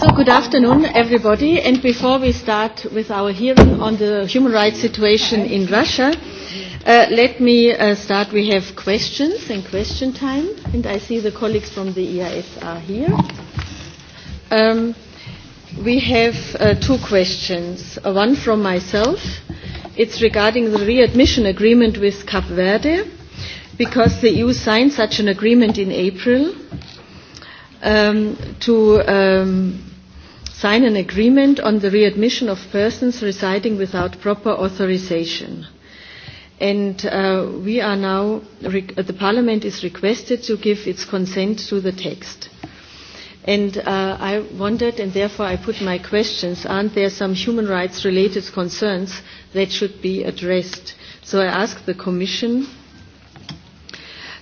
So good afternoon, everybody. And before we start with our hearing on the human rights situation in Russia, let me start. We have questions and question time, and I see the colleagues from the EIS are here. We have two questions. One from myself. It's regarding the readmission agreement with Cap Verde, because the EU signed such an agreement in April to sign an agreement on the readmission of persons residing without proper authorisation, And we are now, the Parliament is requested to give its consent to the text. And I wondered, and therefore I put my questions, aren't there some human rights related concerns that should be addressed? So I asked the Commission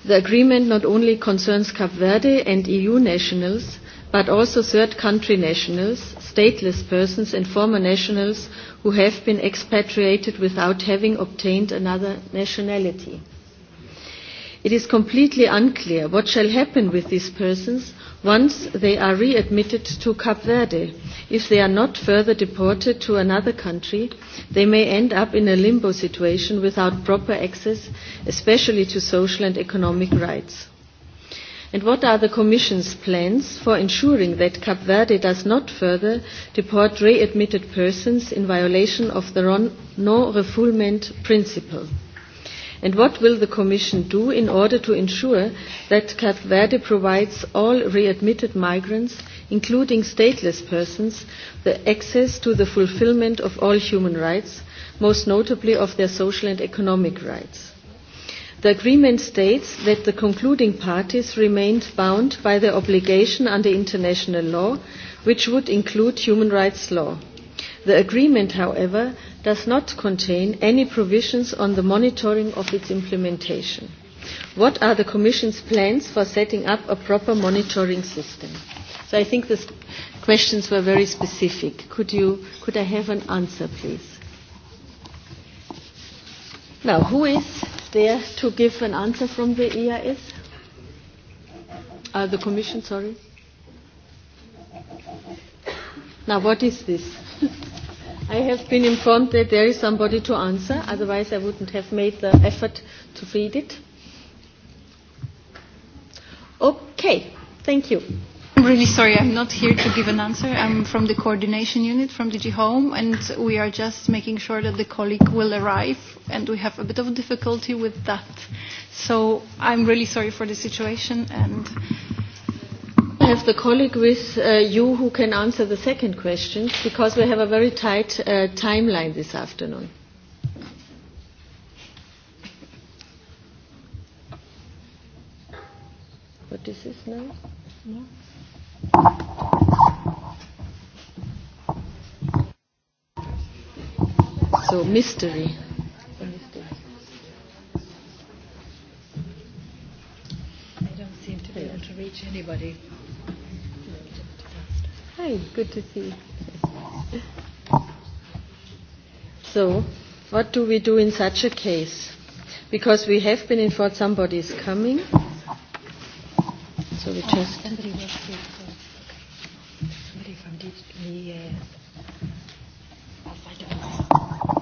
The agreement not only concerns Cap Verde and EU nationals, but also third country nationals, stateless persons and former nationals who have been expatriated without having obtained another nationality. It is completely unclear what shall happen with these persons once they are readmitted to Cape Verde. If they are not further deported to another country, they may end up in a limbo situation without proper access, especially to social and economic rights. And what are the Commission's plans for ensuring that Cap Verde does not further deport readmitted persons in violation of the non-refoulement principle? And what will the Commission do in order to ensure that Cape Verde provides all readmitted migrants, including stateless persons, the access to the fulfillment of all human rights, most notably of their social and economic rights? The agreement states that the concluding parties remained bound by their obligation under international law, which would include human rights law. The agreement, however, does not contain any provisions on the monitoring of its implementation. What are the Commission's plans for setting up a proper monitoring system? So I think the questions were very specific. Could you, could I have an answer, please? Now, who is there to give an answer from the EIS? Uh, the Commission, sorry. Now, what is this? I have been informed that there is somebody to answer, otherwise I wouldn't have made the effort to read it. Okay, thank you. I'm really sorry, I'm not here to give an answer. I'm from the coordination unit from DG Home, and we are just making sure that the colleague will arrive, and we have a bit of difficulty with that. So I'm really sorry for the situation, and I have the colleague with you who can answer the second question because we have a very tight timeline this afternoon. What is this now? So mystery. I don't seem to be able to reach anybody. Hi, good to see you. So, what do we do in such a case? Because we have been informed somebody is coming. So we just.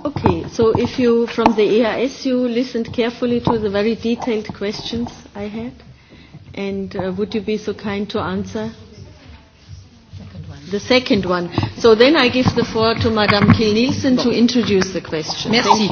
Okay, so if you, from the EAS, you listened carefully to the very detailed questions I had, and uh, would you be so kind to answer the second one. So then I give the floor to Madame Kiel-Nielsen to introduce the question. Merci.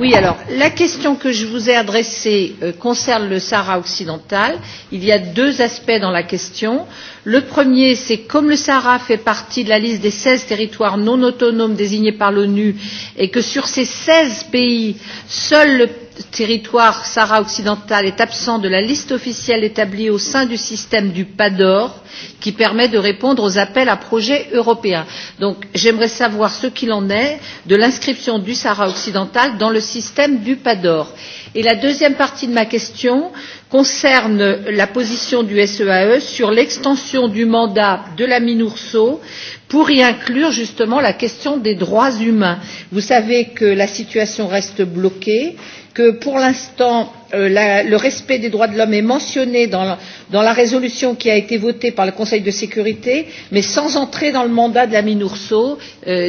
Oui, alors, la question que je vous ai adressée concerne le Sahara occidental. Il y a deux aspects dans la question. Le premier, c'est comme le Sahara fait partie de la liste des 16 territoires non autonomes désignés par l'ONU et que sur ces 16 pays, seul le territoire Sahara occidental est absent de la liste officielle établie au sein du système du PADOR, qui permet de répondre aux appels à projets européens. Donc j'aimerais savoir ce qu'il en est de l'inscription du Sahara occidental dans le système du PADOR. Et la deuxième partie de ma question concerne la position du SEAE sur l'extension du mandat de la MINURSO pour y inclure justement la question des droits humains. Vous savez que la situation reste bloquée que pour l'instant le respect des droits de l'homme est mentionné dans la résolution qui a été votée par le Conseil de sécurité, mais sans entrer dans le mandat de la Minurso.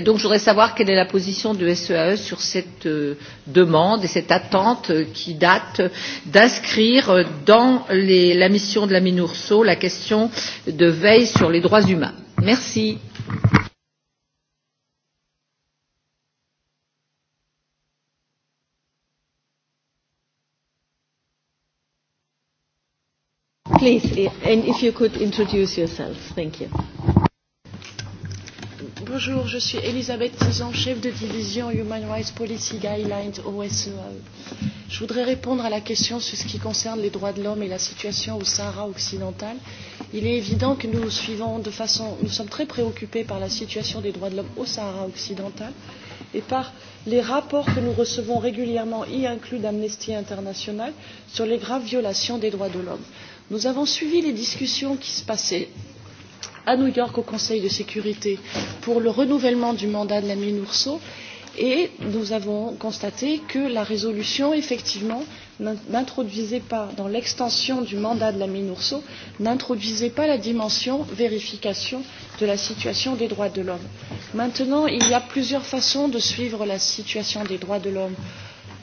Donc je voudrais savoir quelle est la position de SEAE sur cette demande et cette attente qui date d'inscrire dans la mission de la Minurso la question de veille sur les droits humains. Merci. Please, and if you could introduce yourself. Thank you. Bonjour, je suis Elisabeth Tizan, chef de division Human Rights Policy Guidelines OSEA. Je voudrais répondre à la question sur ce qui concerne les droits de l'homme et la situation au Sahara occidental. Il est évident que nous suivons de façon, nous sommes très préoccupés par la situation des droits de l'homme au Sahara occidental et par les rapports que nous recevons régulièrement, y inclus d'Amnesty International, sur les graves violations des droits de l'homme. Nous avons suivi les discussions qui se passaient à New York au Conseil de sécurité pour le renouvellement du mandat de la MINURSO et nous avons constaté que la résolution, effectivement, n'introduisait pas, dans l'extension du mandat de la MINURSO, n'introduisait pas la dimension vérification de la situation des droits de l'homme. Maintenant, il y a plusieurs façons de suivre la situation des droits de l'homme,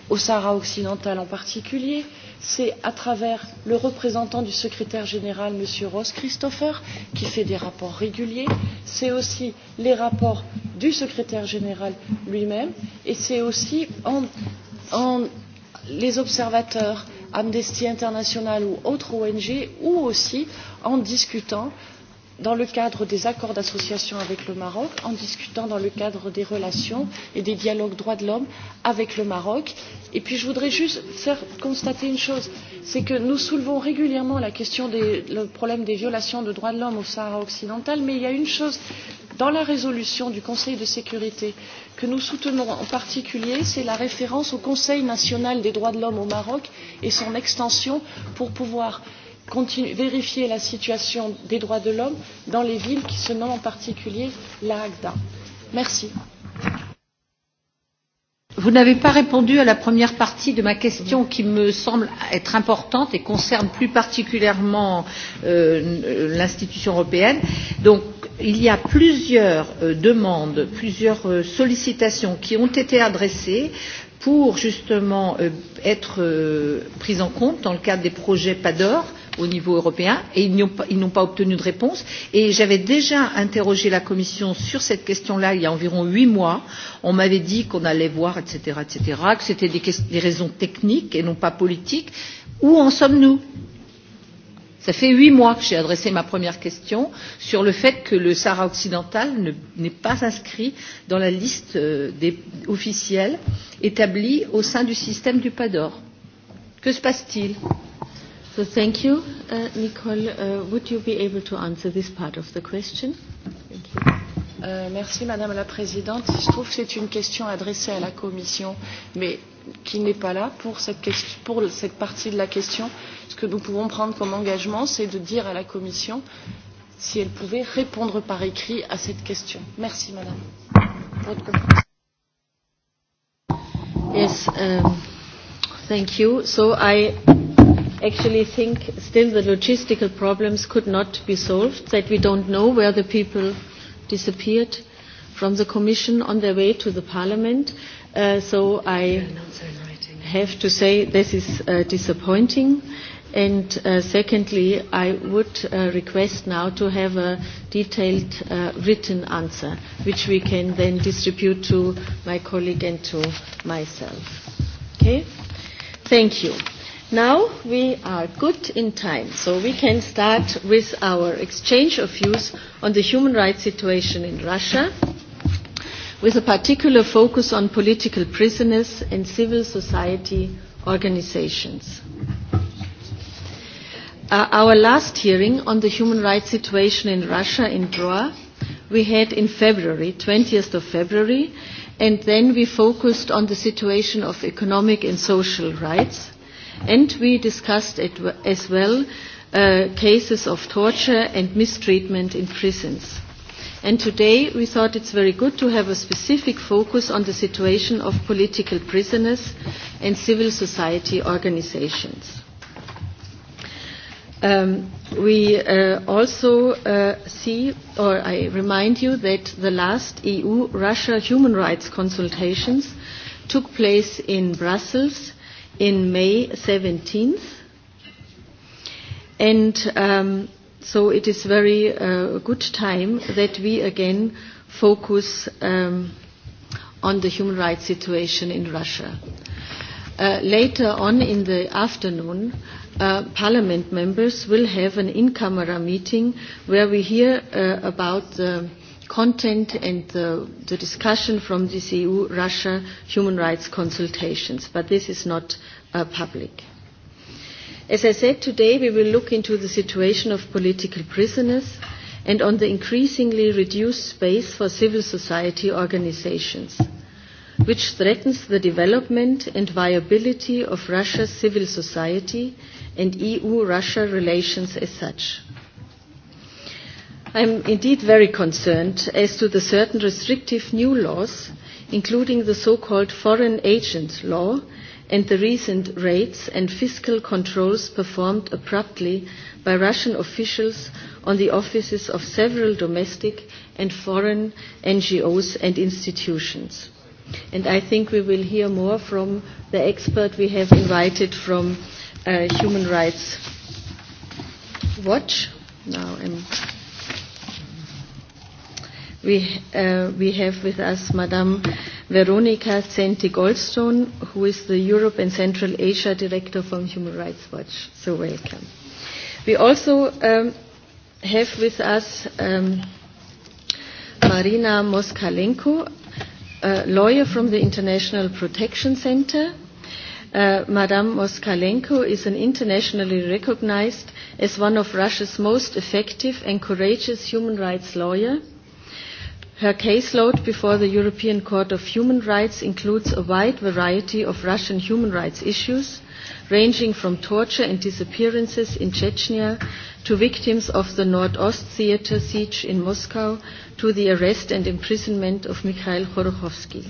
au Sahara occidental en particulier c'est à travers le représentant du secrétaire général, M. Ross Christopher, qui fait des rapports réguliers, c'est aussi les rapports du secrétaire général lui-même, et c'est aussi en, les observateurs Amnesty International ou autres ONG, ou aussi en discutant dans le cadre des accords d'association avec le Maroc, en discutant dans le cadre des relations et des dialogues droits de l'homme avec le Maroc. Et puis je voudrais juste faire constater une chose, c'est que nous soulevons régulièrement la question des, le problème des violations de droits de l'homme au Sahara occidental, mais il y a une chose dans la résolution du Conseil de sécurité que nous soutenons en particulier, c'est la référence au Conseil national des droits de l'homme au Maroc et son extension pour pouvoir vérifier la situation des droits de l'homme dans les villes qui se nomment en particulier la Merci. Vous n'avez pas répondu à la première partie de ma question qui me semble être importante et concerne plus particulièrement l'institution européenne. Donc, il y a plusieurs demandes, plusieurs sollicitations qui ont été adressées pour justement être prises en compte dans le cadre des projets PADOR au niveau européen et ils n'ont pas obtenu de réponse. Et j'avais déjà interrogé la Commission sur cette question-là il y a environ huit mois. On m'avait dit qu'on allait voir, etc., etc., que c'était des raisons techniques et non pas politiques. Où en sommes-nous Ça fait huit mois que j'ai adressé ma première question sur le fait que le Sahara occidental n'est pas inscrit dans la liste des officiels établie au sein du système du PADOR. Que se passe-t-il So thank you, Nicole. Would you be able to answer this part of the question? Merci, Madame la Présidente. Je trouve que c'est une question adressée à la Commission, mais qui n'est pas là pour cette, question, pour cette partie de la question. Ce que nous pouvons prendre comme engagement, c'est de dire à la Commission si elle pouvait répondre par écrit à cette question. Merci, Madame, votre thank you. So I actually think still the logistical problems could not be solved, that we don't know where the people disappeared from the Commission on their way to the Parliament. So I have to say this is disappointing. And secondly, I would request now to have a detailed written answer, which we can then distribute to my colleague and to myself. Okay? Thank you. Now we are good in time, so we can start with our exchange of views on the human rights situation in Russia, with a particular focus on political prisoners and civil society organizations. Our last hearing on the human rights situation in Russia in Droa we had in February, 20th of February, and then we focused on the situation of economic and social rights and we discussed as well cases of torture and mistreatment in prisons. And today we thought it's very good to have a specific focus on the situation of political prisoners and civil society organizations. We also see, or I remind you, that the last EU-Russia human rights consultations took place in Brussels in May 17th. And so it is very good time that we again focus on the human rights situation in Russia. Later on in the afternoon, Parliament members will have an in-camera meeting where we hear about the content and the discussion from this EU-Russia human rights consultations, but this is not public. As I said, today we will look into the situation of political prisoners and on the increasingly reduced space for civil society organizations, which threatens the development and viability of Russia's civil society and EU-Russia relations as such. I am indeed very concerned as to the certain restrictive new laws, including the so-called foreign agent law and the recent raids and fiscal controls performed abruptly by Russian officials on the offices of several domestic and foreign NGOs and institutions. And I think we will hear more from the expert we have invited from Human Rights Watch. Now I'm We have with us Madame Veronica Senti goldstone who is the Europe and Central Asia Director from Human Rights Watch. So welcome. We also have with us Marina Moskalenko, a lawyer from the International Protection Center. Madame Moskalenko is an internationally recognized as one of Russia's most effective and courageous human rights lawyers Her caseload before the European Court of Human Rights includes a wide variety of Russian human rights issues, ranging from torture and disappearances in Chechnya to victims of the Ost Theater siege in Moscow to the arrest and imprisonment of Mikhail Khodorkovsky.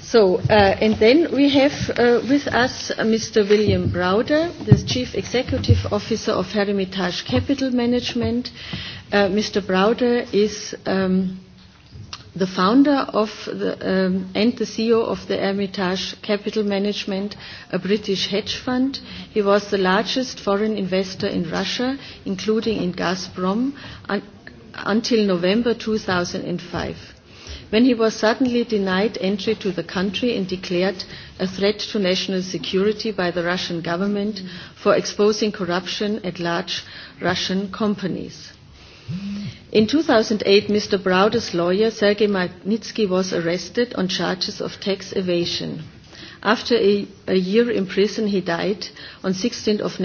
So, and then we have with us Mr. William Browder, the Chief Executive Officer of Hermitage Capital Management, Mr. Browder is the founder of and the CEO of the Hermitage Capital Management, a British hedge fund. He was the largest foreign investor in Russia, including in Gazprom, until November 2005, when he was suddenly denied entry to the country and declared a threat to national security by the Russian government for exposing corruption at large Russian companies. In 2008, Mr. Browder's lawyer, Sergei Magnitsky, was arrested on charges of tax evasion. After a year in prison, he died on 16th of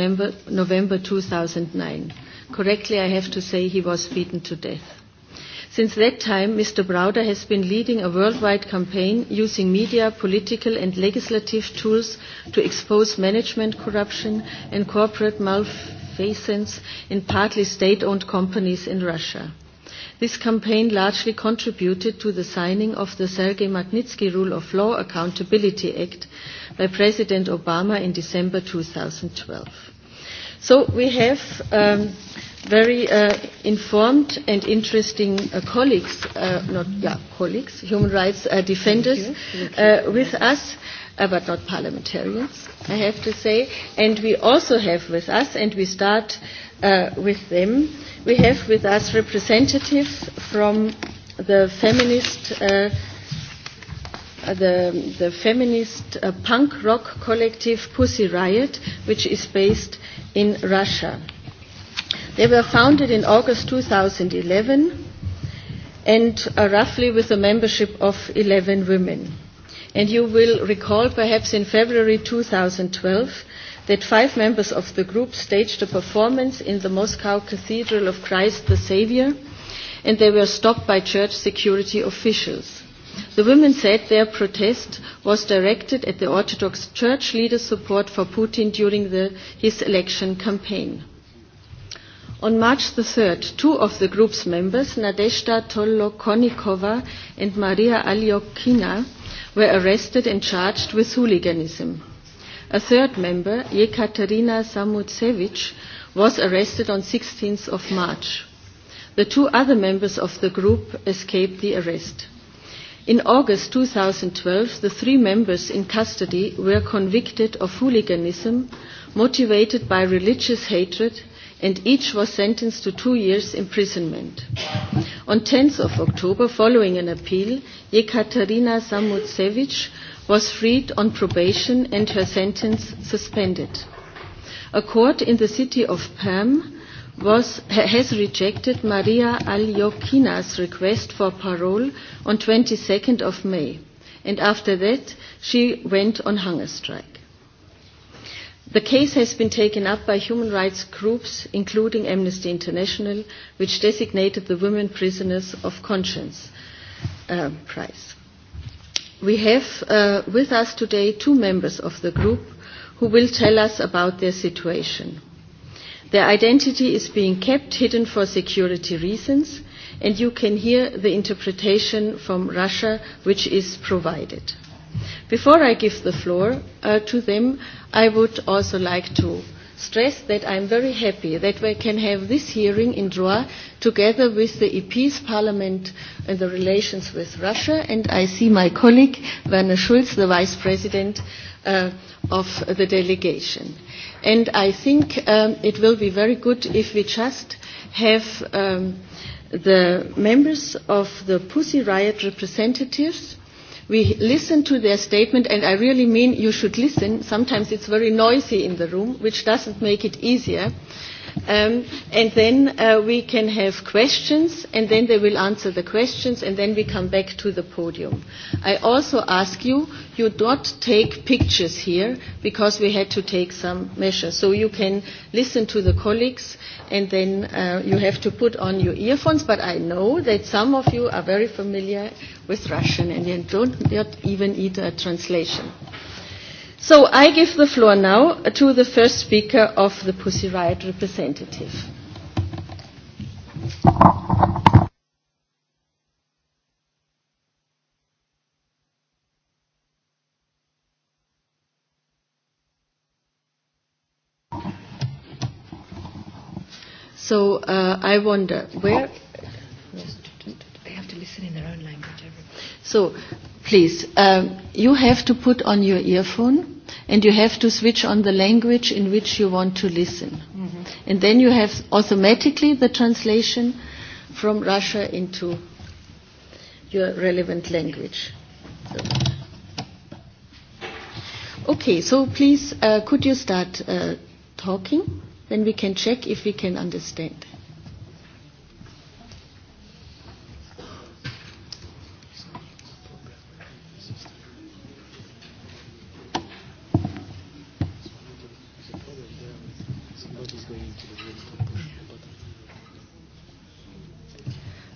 November 2009. Correctly, I have to say he was beaten to death. Since that time, Mr. Browder has been leading a worldwide campaign using media, political and legislative tools to expose management corruption and corporate malfeasance facings in partly state-owned companies in Russia. This campaign largely contributed to the signing of the Sergei Magnitsky Rule of Law Accountability Act by President Obama in December 2012. So we have very informed and interesting colleagues, not colleagues, human rights defenders with us but not parliamentarians, I have to say. And we also have with us, and we start with them, we have with us representatives from the feminist the the feminist punk rock collective Pussy Riot, which is based in Russia. They were founded in August 2011 and roughly with a membership of 11 women and you will recall perhaps in February 2012 that five members of the group staged a performance in the Moscow Cathedral of Christ the Savior and they were stopped by church security officials. The women said their protest was directed at the Orthodox Church leaders' support for Putin during his election campaign. On March 3, two of the group's members, Nadezhda Tolokonikova and Maria Aliokina, were arrested and charged with hooliganism. A third member, Yekaterina Samutsevich, was arrested on 16th of March. The two other members of the group escaped the arrest. In August 2012, the three members in custody were convicted of hooliganism motivated by religious hatred and each was sentenced to two years imprisonment. On 10th of October, following an appeal, Yekaterina Samutsevich was freed on probation and her sentence suspended. A court in the city of Perm has rejected Maria Alyokina's request for parole on 22nd of May, and after that she went on hunger strike. The case has been taken up by human rights groups, including Amnesty International, which designated the Women Prisoners of Conscience Prize. We have with us today two members of the group who will tell us about their situation. Their identity is being kept hidden for security reasons, and you can hear the interpretation from Russia which is provided. Before I give the floor to them, I would also like to stress that I am very happy that we can have this hearing in Droit together with the EP's Parliament and the relations with Russia, and I see my colleague Werner Schulz, the Vice President of the delegation. And I think it will be very good if we just have the members of the Pussy Riot representatives We listen to their statement, and I really mean you should listen. Sometimes it's very noisy in the room, which doesn't make it easier and then we can have questions, and then they will answer the questions, and then we come back to the podium. I also ask you, you don't take pictures here, because we had to take some measures. So you can listen to the colleagues, and then you have to put on your earphones, but I know that some of you are very familiar with Russian, and you don't even need a translation. So I give the floor now to the first speaker of the Pussy Riot representative. So uh, I wonder where. They have to listen in their own language. So please, you have to put on your earphone and you have to switch on the language in which you want to listen. And then you have automatically the translation from Russia into your relevant language. Okay, so please, could you start talking? Then we can check if we can understand.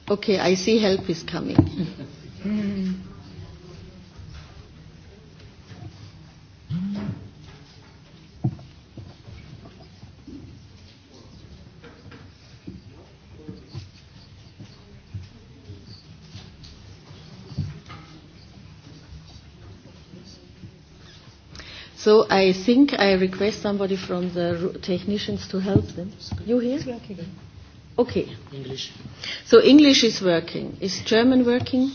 Okay, I see help is coming. So I think I request somebody from the technicians to help them. You here? Okay. English. So English is working. Is German working?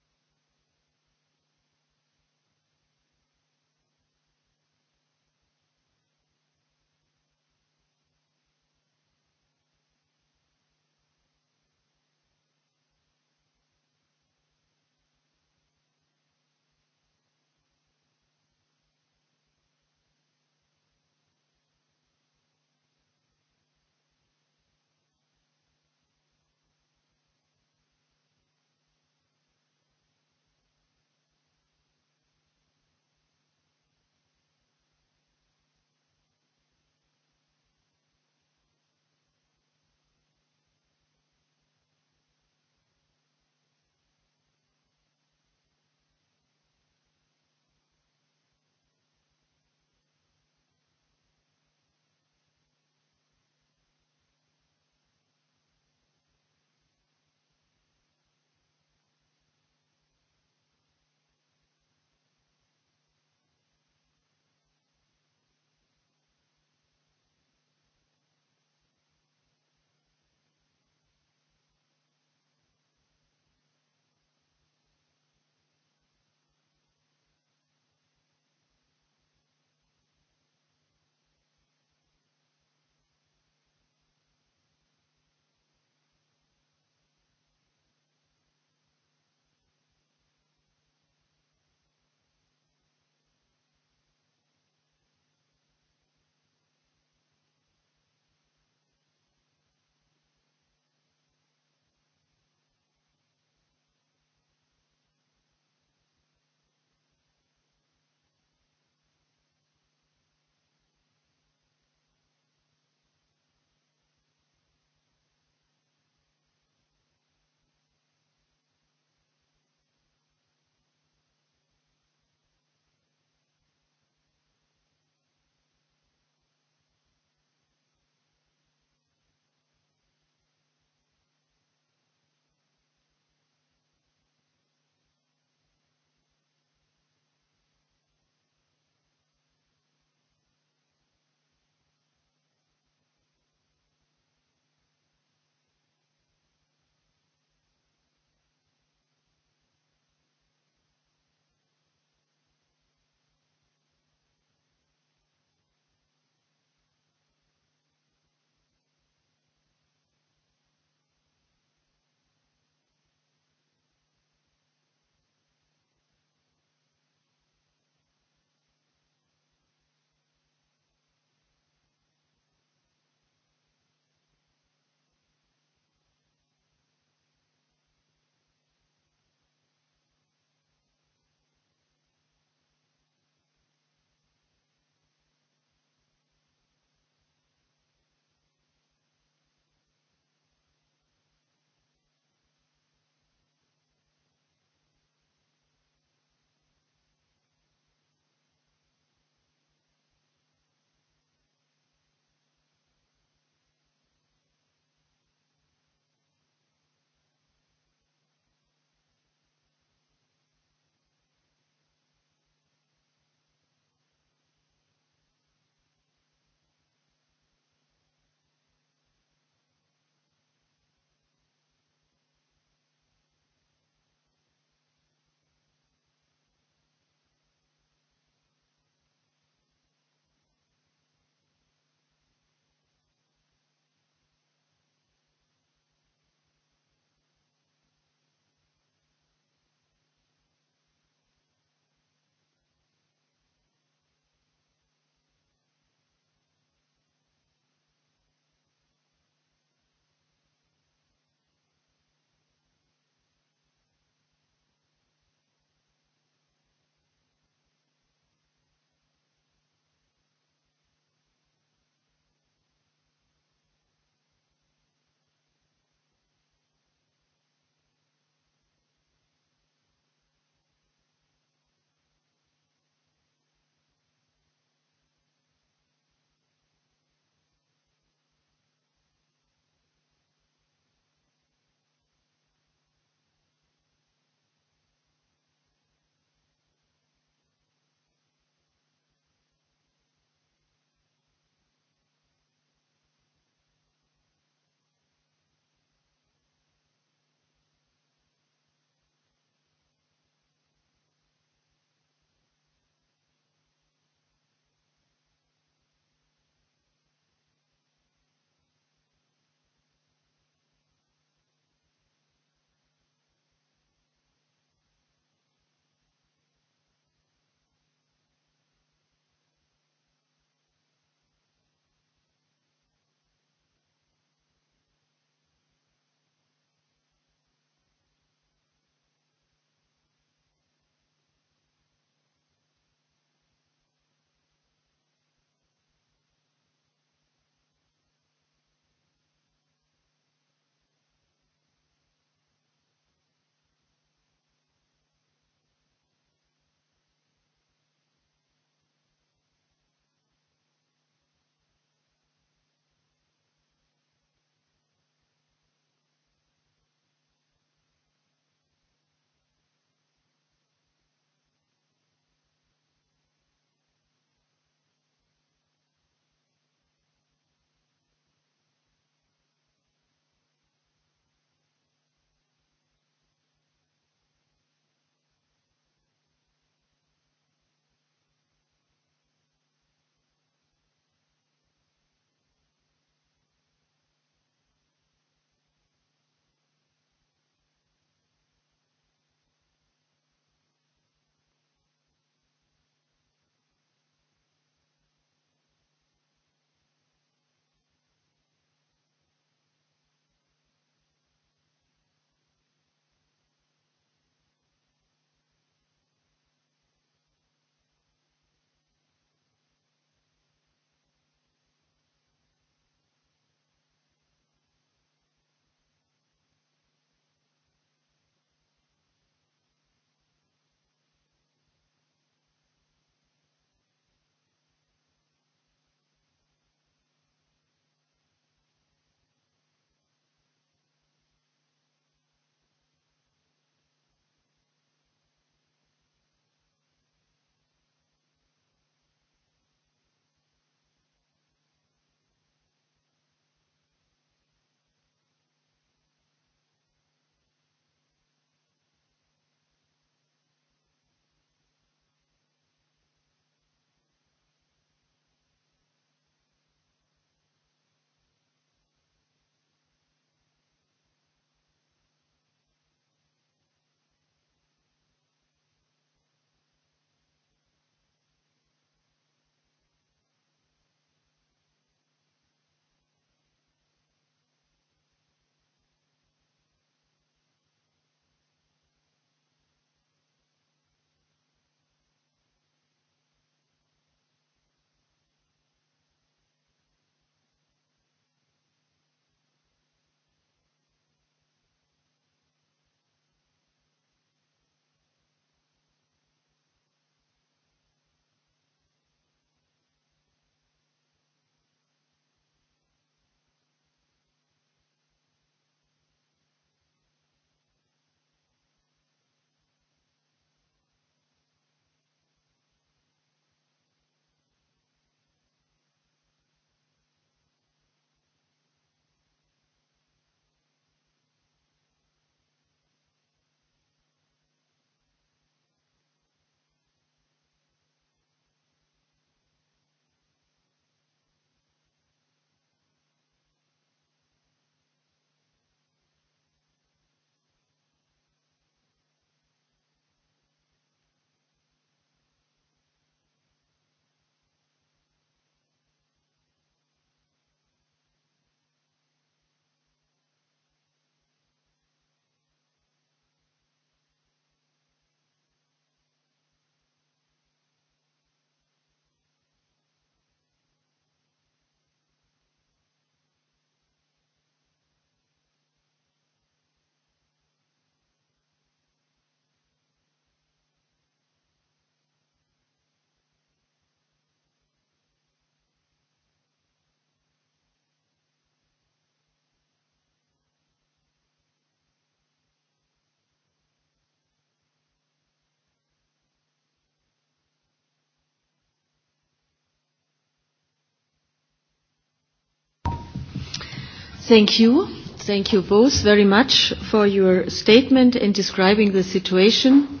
Thank you. Thank you both very much for your statement in describing the situation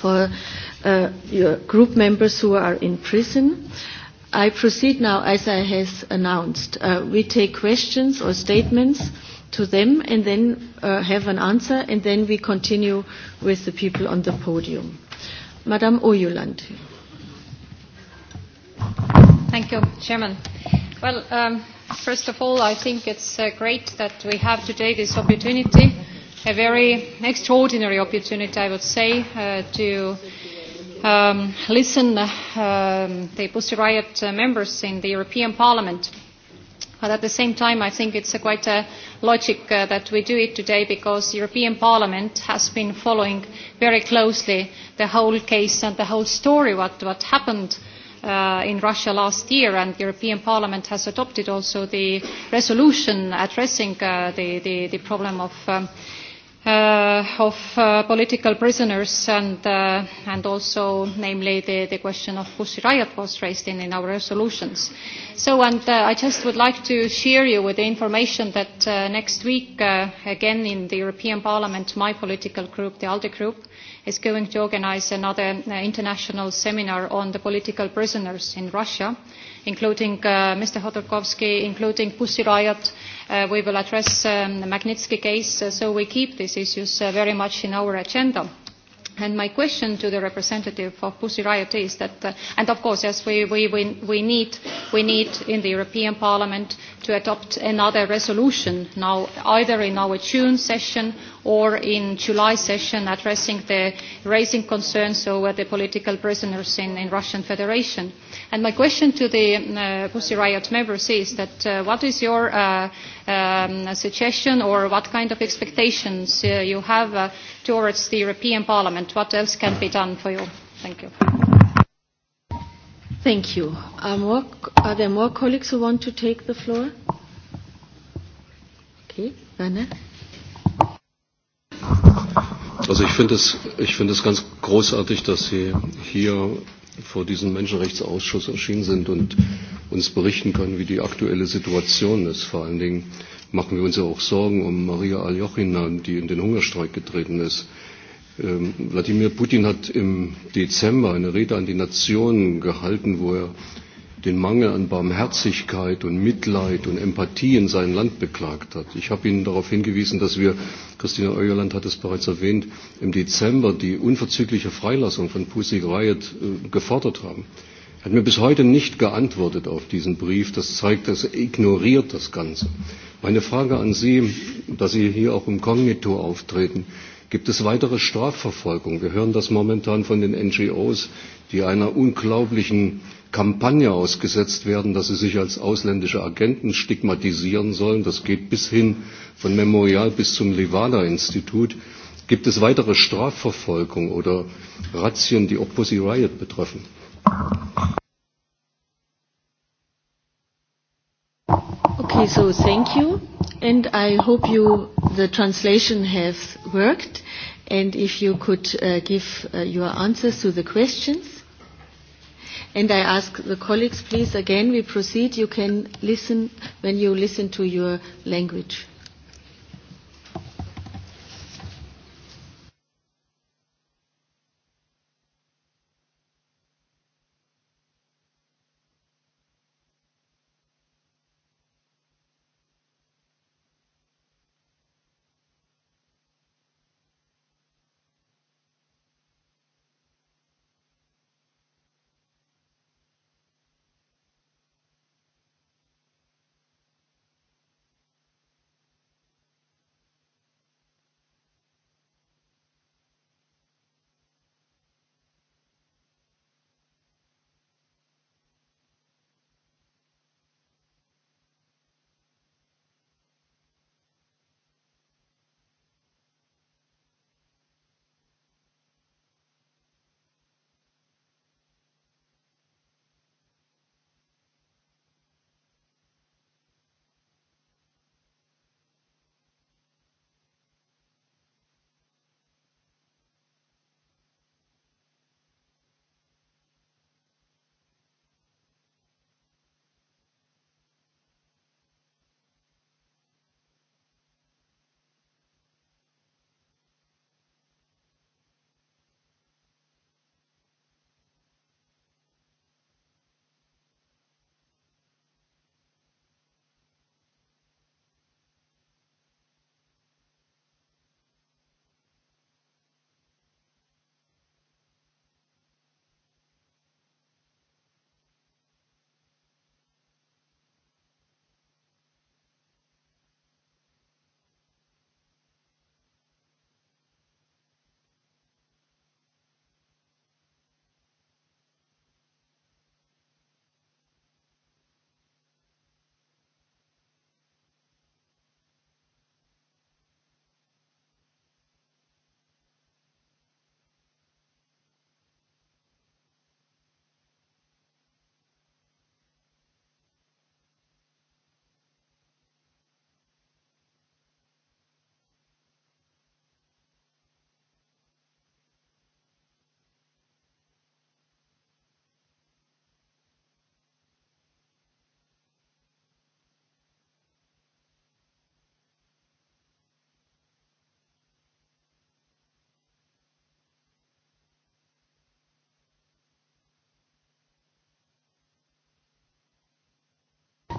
for your group members who are in prison. I proceed now as I has announced. We take questions or statements to them and then have an answer and then we continue with the people on the podium. Madame Oyuland. Thank you, Chairman. Well, first of all, I think it's great that we have today this opportunity, a very extraordinary opportunity, I would say, to listen the Pussy Riot members in the European Parliament. But at the same time, I think it's quite a logic that we do it today because the European Parliament has been following very closely the whole case and the whole story what happened in Russia last year, and the European Parliament has adopted also the resolution addressing the problem of political prisoners and also, namely, the question of Pussy Riot was raised in our resolutions. So, and I just would like to share you with the information that next week, again in the European Parliament, my political group, the ALDE Group, is going to organise another international seminar on the political prisoners in Russia, including Mr. Khodorkovsky, including Pussy Riot. We will address the Magnitsky case, so we keep these issues very much in our agenda. And my question to the representative of Pussy Riot is that, and of course, yes, we need in the European Parliament to adopt another resolution now, either in our June session or in July session addressing the raising concerns over the political prisoners in Russian Federation. And my question to the Pussy Riot members is that what is your suggestion or what kind of expectations you have towards the European Parliament? What else can be done for you? Thank you. Thank you. Are there more colleagues who want to take the floor? Okay, Anna. Also ich finde es, es ganz großartig, dass Sie hier vor diesem Menschenrechtsausschuss erschienen sind und uns berichten können, wie die aktuelle Situation ist. Vor allen Dingen machen wir uns ja auch Sorgen um Maria Aljochina, die in den Hungerstreik getreten ist. Wladimir Putin hat im Dezember eine Rede an die Nationen gehalten, wo er den Mangel an Barmherzigkeit und Mitleid und Empathie in sein Land beklagt hat. Ich habe Ihnen darauf hingewiesen, dass wir, Christina Euerland hat es bereits erwähnt, im Dezember die unverzügliche Freilassung von Pussy Riot gefordert haben. Er hat mir bis heute nicht geantwortet auf diesen Brief. Das zeigt, dass er ignoriert das Ganze. Meine Frage an Sie, dass Sie hier auch im Kognito auftreten, gibt es weitere Strafverfolgung? Wir hören das momentan von den NGOs, die einer unglaublichen Kampagne ausgesetzt werden, dass sie sich als ausländische Agenten stigmatisieren sollen. Das geht bis hin von Memorial bis zum Levada-Institut. Gibt es weitere Strafverfolgung oder Razzien, die auch Riot betreffen? Okay, so thank you. And I hope you, the translation has worked. And if you could give your answers to the questions. And I ask the colleagues, please, again, we proceed. You can listen when you listen to your language.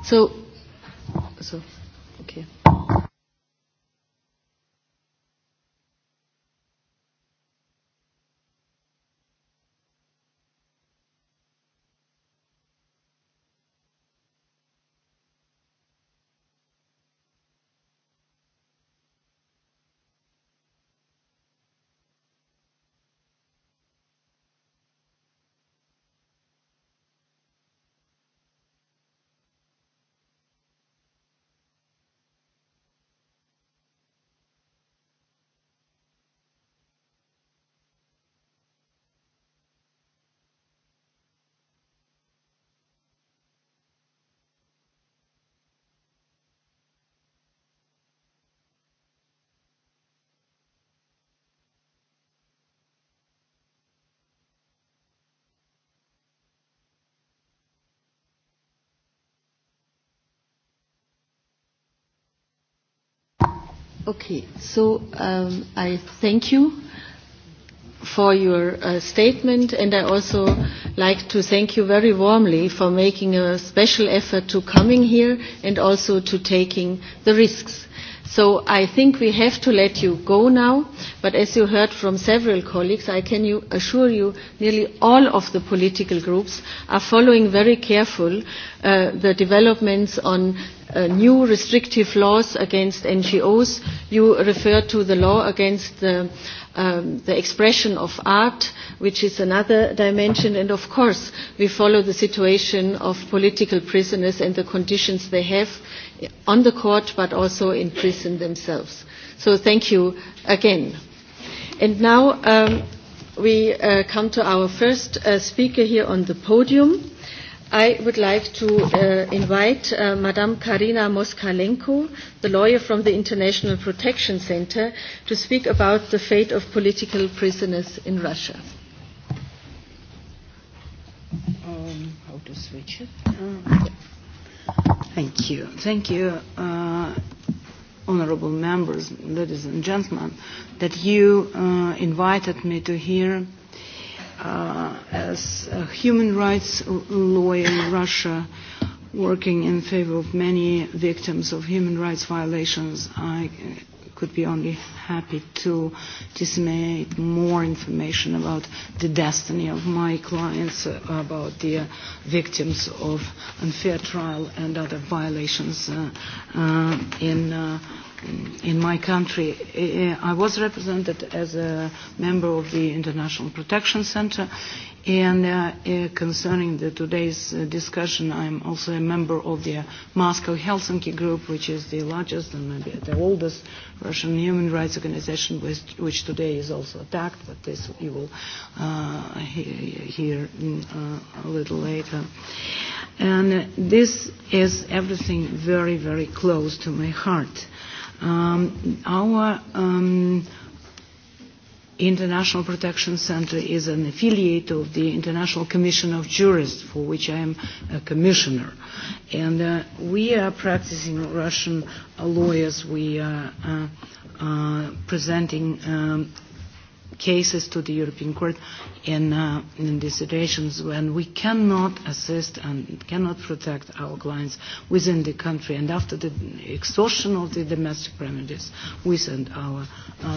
So, so okay. Okay, so I thank you for your statement and I also like to thank you very warmly for making a special effort to coming here and also to taking the risks. So I think we have to let you go now, but as you heard from several colleagues, I can assure you nearly all of the political groups are following very careful the developments on new restrictive laws against NGOs. You refer to the law against the expression of art, which is another dimension. And of course, we follow the situation of political prisoners and the conditions they have on the court, but also in prison themselves. So thank you again. And now we come to our first speaker here on the podium. I would like to invite Madame Karina Moskalenko, the lawyer from the International Protection Center, to speak about the fate of political prisoners in Russia. How to switch Thank you. Thank you, honorable members, ladies and gentlemen, that you invited me to hear as a human rights lawyer in Russia working in favor of many victims of human rights violations, I could be only happy to disseminate more information about the destiny of my clients, about the victims of unfair trial and other violations in in my country. I was represented as a member of the International Protection Center and concerning the today's discussion I am also a member of the Moscow Helsinki group which is the largest and maybe the oldest Russian human rights organization which today is also attacked but this you will hear a little later. And this is everything very very close to my heart Our International Protection Center is an affiliate of the International Commission of Jurists, for which I am a commissioner. And we are practicing Russian lawyers. We are presenting cases to the European Court in, uh, in these situations when we cannot assist and cannot protect our clients within the country. And after the extortion of the domestic remedies, we send our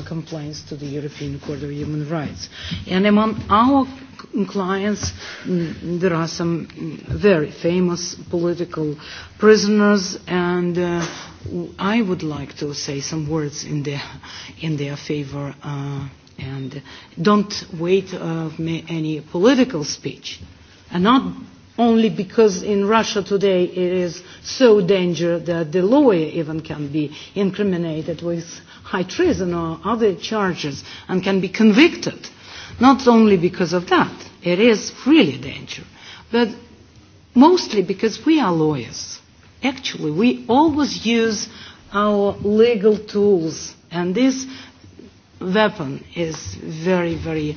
complaints to the European Court of Human Rights. And among our clients, there are some very famous political prisoners, and I would like to say some words in their, in their favor. Uh, and don't wait of any political speech and not only because in Russia today it is so dangerous that the lawyer even can be incriminated with high treason or other charges and can be convicted. Not only because of that, it is really dangerous, but mostly because we are lawyers. Actually, we always use our legal tools and this weapon is very, very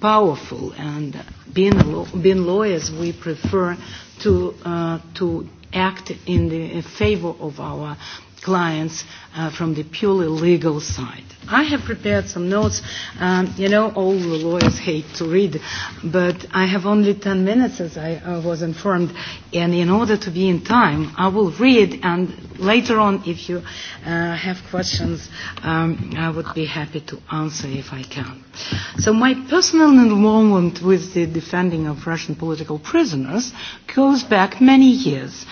powerful. And being lawyers, we prefer to act in the favor of our clients from the purely legal side. I have prepared some notes. You know, all the lawyers hate to read, but I have only 10 minutes, as I was informed, and in order to be in time, I will read, and later on, if you have questions, I would be happy to answer if I can. So my personal involvement with the defending of Russian political prisoners goes back many years.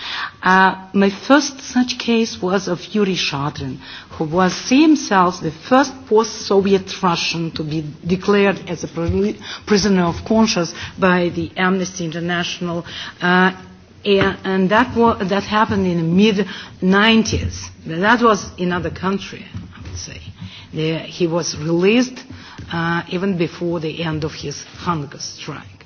My first such case was of Yuri Shadrin, who was himself the first post-Soviet Russian to be declared as a prisoner of conscience by the Amnesty International and that was that happened in the mid 90s that was in another country i would say he was released even before the end of his hunger strike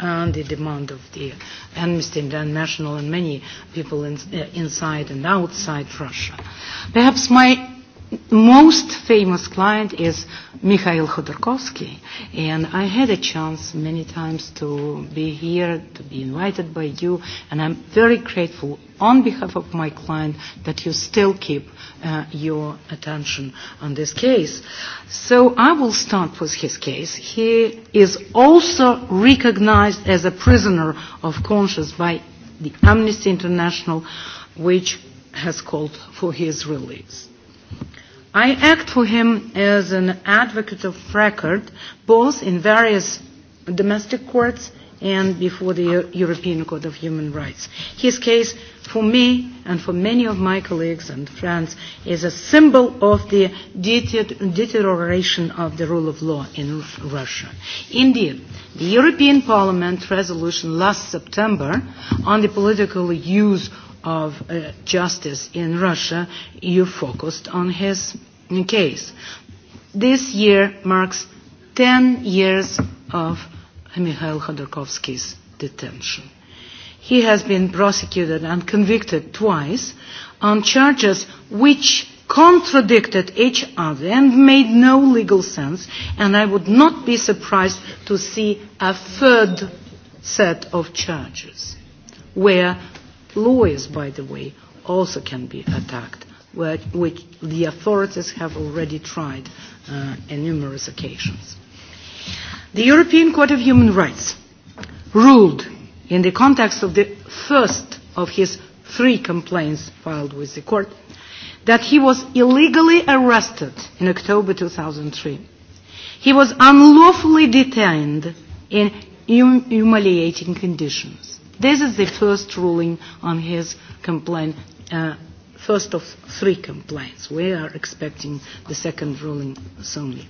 and the demand of the Amnesty International and many people inside and outside Russia. Perhaps my most famous client is Mikhail Khodorkovsky, and I had a chance many times to be here, to be invited by you, and I'm very grateful on behalf of my client that you still keep your attention on this case. So I will start with his case. He is also recognized as a prisoner of conscience by the Amnesty International, which has called for his release. I act for him as an advocate of record, both in various domestic courts and before the European Court of Human Rights. His case, for me and for many of my colleagues and friends, is a symbol of the deterioration of the rule of law in Russia. Indeed, the European Parliament resolution last September on the political use of justice in Russia, you focused on his case. This year marks 10 years of Mikhail Khodorkovsky's detention. He has been prosecuted and convicted twice on charges which contradicted each other and made no legal sense, and I would not be surprised to see a third set of charges, where lawyers, by the way, also can be attacked, which the authorities have already tried on numerous occasions. The European Court of Human Rights ruled in the context of the first of his three complaints filed with the court that he was illegally arrested in October 2003. He was unlawfully detained in humiliating conditions. This is the first ruling on his complaint first of three complaints. We are expecting the second ruling soonly.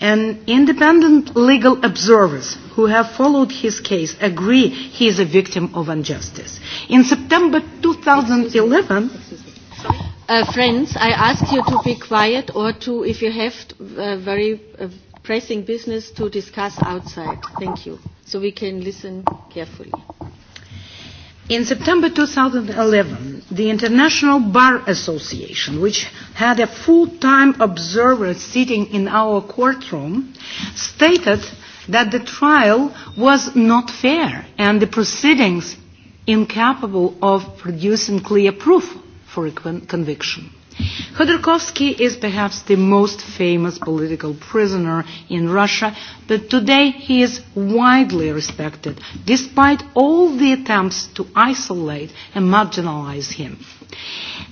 And independent legal observers who have followed his case agree he is a victim of injustice. In September 2011, friends, I ask you to be quiet or to, if you have very pressing business, to discuss outside. Thank you. So we can listen carefully. In September 2011, the International Bar Association, which had a full-time observer sitting in our courtroom, stated that the trial was not fair and the proceedings incapable of producing clear proof for a conviction. Khodorkovsky is perhaps the most famous political prisoner in Russia, but today he is widely respected, despite all the attempts to isolate and marginalize him.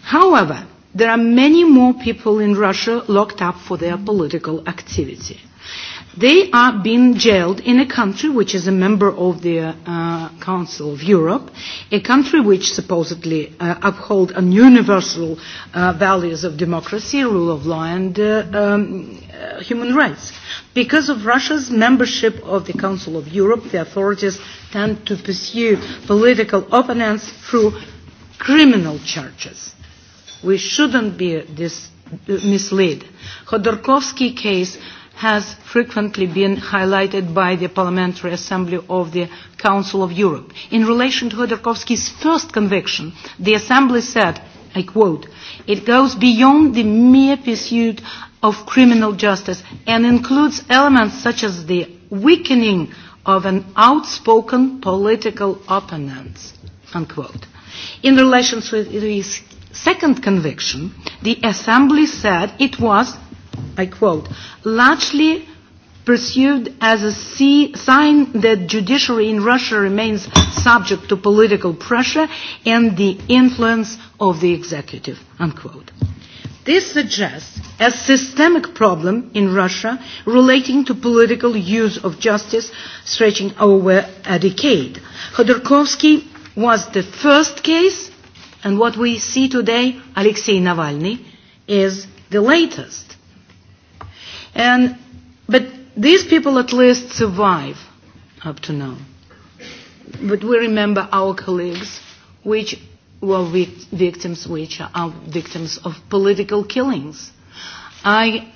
However, there are many more people in Russia locked up for their political activity. They are being jailed in a country which is a member of the Council of Europe, a country which supposedly upholds universal values of democracy, rule of law and human rights. Because of Russia's membership of the Council of Europe, the authorities tend to pursue political opponents through criminal charges. We shouldn't be this misled. Khodorkovsky case has frequently been highlighted by the Parliamentary Assembly of the Council of Europe. In relation to Hodorkovsky's first conviction, the Assembly said, I quote, it goes beyond the mere pursuit of criminal justice and includes elements such as the weakening of an outspoken political opponent. Unquote. In relation to his second conviction, the Assembly said it was, I quote, largely pursued as a sign that judiciary in Russia remains subject to political pressure and the influence of the executive, unquote. This suggests a systemic problem in Russia relating to political use of justice stretching over a decade. Khodorkovsky was the first case, and what we see today, Alexei Navalny, is the latest. And but these people at least survive up to now. But we remember our colleagues, which were victims, which are victims of political killings. I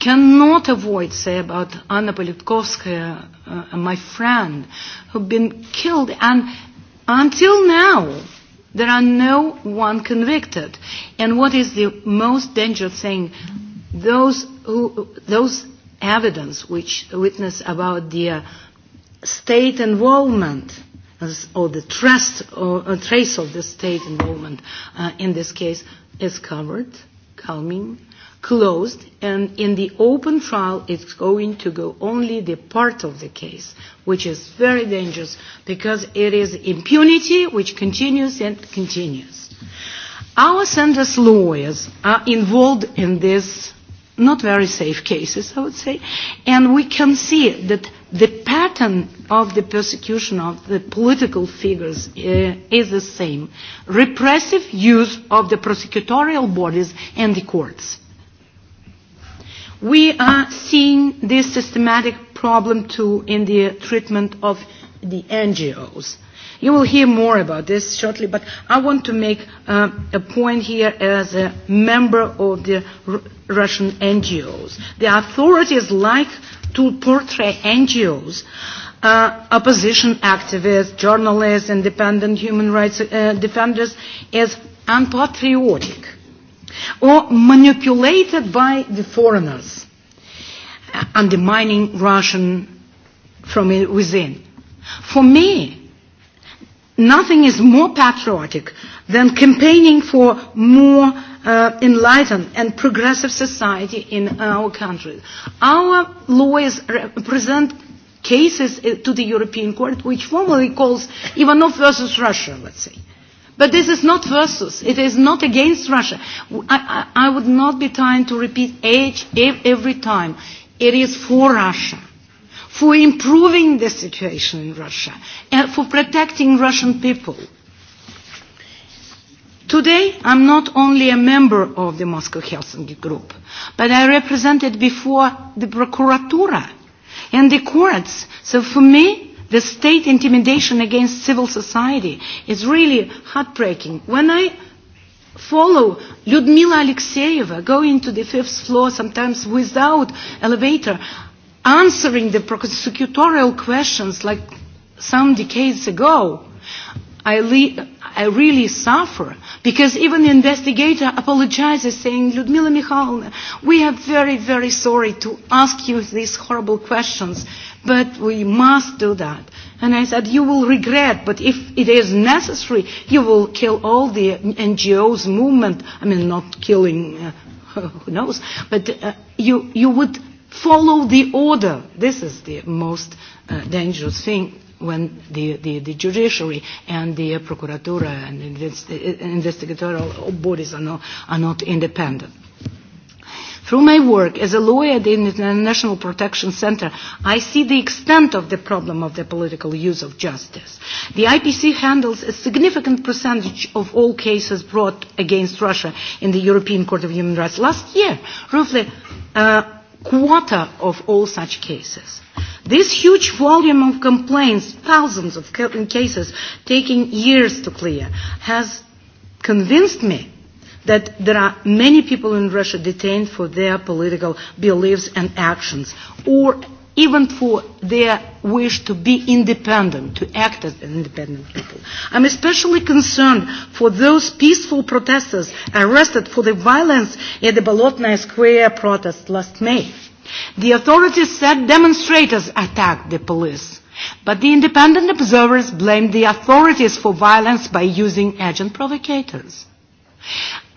cannot avoid say about Anna Politkovskaya, my friend, who've been killed, and until now there are no one convicted. And what is the most dangerous thing? those who those evidence which witness about the state involvement or the trust or trace of the state involvement in this case is covered, calming, closed, and in the open trial it's going to go only the part of the case, which is very dangerous because it is impunity which continues and continues. Our center's lawyers are involved in this not very safe cases, I would say. And we can see that the pattern of the persecution of the political figures is the same. Repressive use of the prosecutorial bodies and the courts. We are seeing this systematic problem too in the treatment of the NGOs. You will hear more about this shortly, but I want to make a point here as a member of the Russian NGOs. The authorities like to portray NGOs, opposition activists, journalists, independent human rights defenders as unpatriotic or manipulated by the foreigners, undermining Russian from within. For me, nothing is more patriotic than campaigning for more enlightened and progressive society in our country. Our lawyers present cases to the European Court which formally calls Ivanov versus Russia, let's say. But this is not versus. It is not against Russia. I, I, I would not be trying to repeat age every time. It is for Russia for improving the situation in Russia and for protecting Russian people. Today, I'm not only a member of the Moscow Helsinki Group, but I represented before the Procuratura and the courts. So for me, the state intimidation against civil society is really heartbreaking. When I follow Lyudmila Alexeyeva going to the fifth floor, sometimes without elevator, answering the prosecutorial questions like some decades ago, I, I really suffer because even the investigator apologizes saying, Ludmila Mikhailovna, we are very, very sorry to ask you these horrible questions, but we must do that. And I said, you will regret, but if it is necessary, you will kill all the NGOs movement. I mean, not killing, who knows, but you, you would follow the order. This is the most dangerous thing when the the judiciary and the procuratura and investigatorial bodies are not independent. Through my work as a lawyer at the International Protection Center, I see the extent of the problem of the political use of justice. The IPC handles a significant percentage of all cases brought against Russia in the European Court of Human Rights. Last year, roughly a quarter of all such cases. This huge volume of complaints, thousands of cases taking years to clear, has convinced me that there are many people in Russia detained for their political beliefs and actions, or even for their wish to be independent, to act as an independent people. I'm especially concerned for those peaceful protesters arrested for the violence at the Bolotnaya Square protest last May. The authorities said demonstrators attacked the police, but the independent observers blamed the authorities for violence by using agent provocators.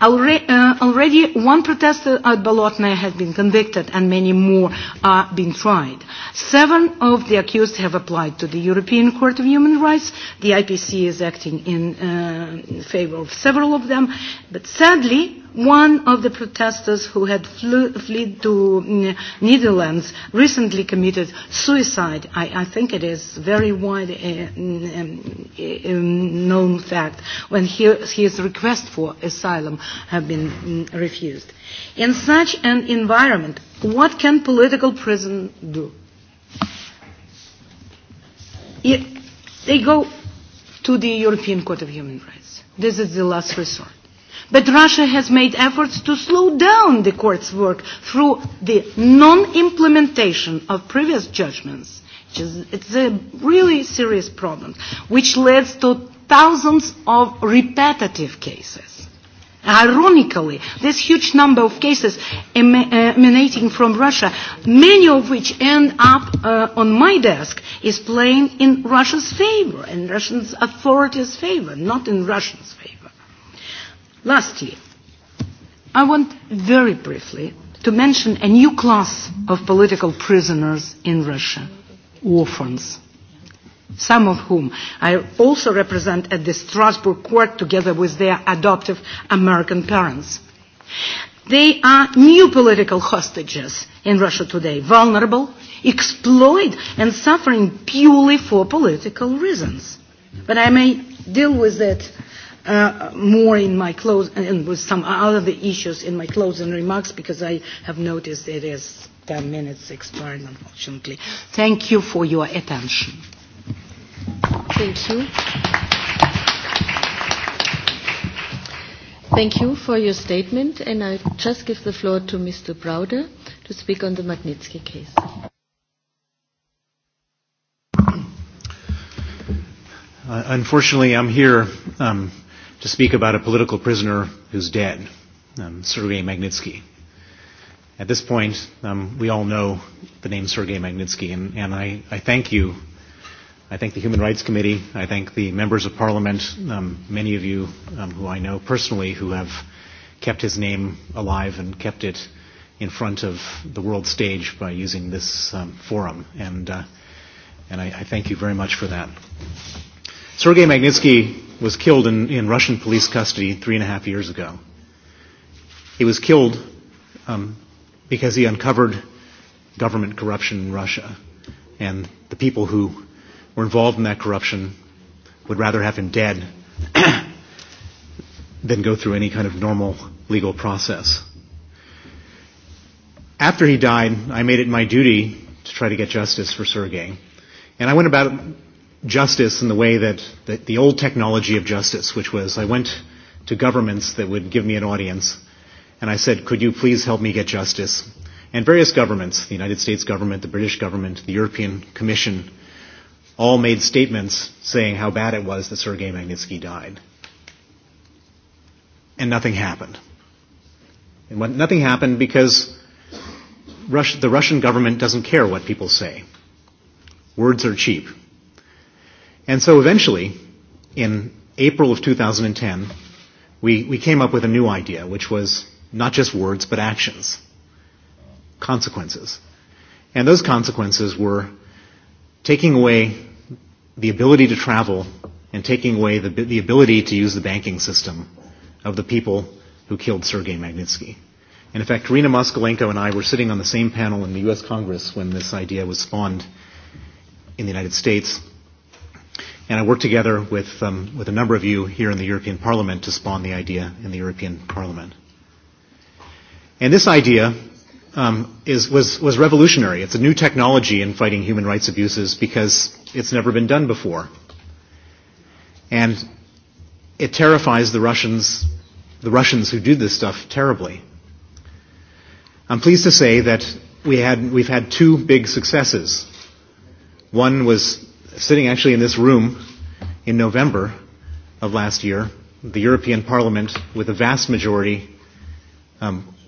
Already one protester at Bolotnaya has been convicted and many more are being tried. Seven of the accused have applied to the European Court of Human Rights. The IPC is acting in favor of several of them. But sadly, One of the protesters who had fled to Netherlands recently committed suicide. I think it is very wide known fact when his request for asylum have been refused. In such an environment, what can political prison do? They go to the European Court of Human Rights. This is the last resort. But Russia has made efforts to slow down the court's work through the non-implementation of previous judgments. which It's a really serious problem, which leads to thousands of repetitive cases. Ironically, this huge number of cases emanating from Russia, many of which end up on my desk, is playing in Russia's favor, in Russian authorities' favor, not in Russians' favor year, I want very briefly to mention a new class of political prisoners in Russia, orphans, some of whom I also represent at the Strasbourg court together with their adoptive American parents. They are new political hostages in Russia today, vulnerable, exploited and suffering purely for political reasons. But I may deal with it more in my close and with some other issues in my closing remarks because I have noticed it is 10 minutes expired unfortunately. Thank you for your attention. Thank you. Thank you for your statement and I just give the floor to Mr. Browder to speak on the Magnitsky case. Unfortunately, I'm here um, to speak about a political prisoner who's dead, um, Sergei Magnitsky. At this point, um, we all know the name Sergei Magnitsky, and, and I, I thank you. I thank the Human Rights Committee. I thank the members of Parliament, um, many of you um, who I know personally who have kept his name alive and kept it in front of the world stage by using this um, forum. And, uh, and I, I thank you very much for that. Sergei Magnitsky was killed in, in Russian police custody three and a half years ago. He was killed um, because he uncovered government corruption in Russia. And the people who were involved in that corruption would rather have him dead than go through any kind of normal legal process. After he died, I made it my duty to try to get justice for Sergei. And I went about justice in the way that, the old technology of justice, which was I went to governments that would give me an audience, and I said, could you please help me get justice? And various governments, the United States government, the British government, the European Commission, all made statements saying how bad it was that Sergei Magnitsky died. And nothing happened. And nothing happened because the Russian government doesn't care what people say. Words are cheap. And so eventually, in April of 2010, we, we came up with a new idea, which was not just words, but actions, consequences. And those consequences were taking away the ability to travel and taking away the, the ability to use the banking system of the people who killed Sergei Magnitsky. And in fact, Karina Moskalenko and I were sitting on the same panel in the U.S. Congress when this idea was spawned in the United States. And I worked together with, um, with a number of you here in the European Parliament to spawn the idea in the European Parliament. And this idea um, is, was, was revolutionary. It's a new technology in fighting human rights abuses because it's never been done before. And it terrifies the Russians, the Russians who do this stuff terribly. I'm pleased to say that we had, we've had two big successes. One was sitting actually in this room in November of last year, the European Parliament, with a vast majority,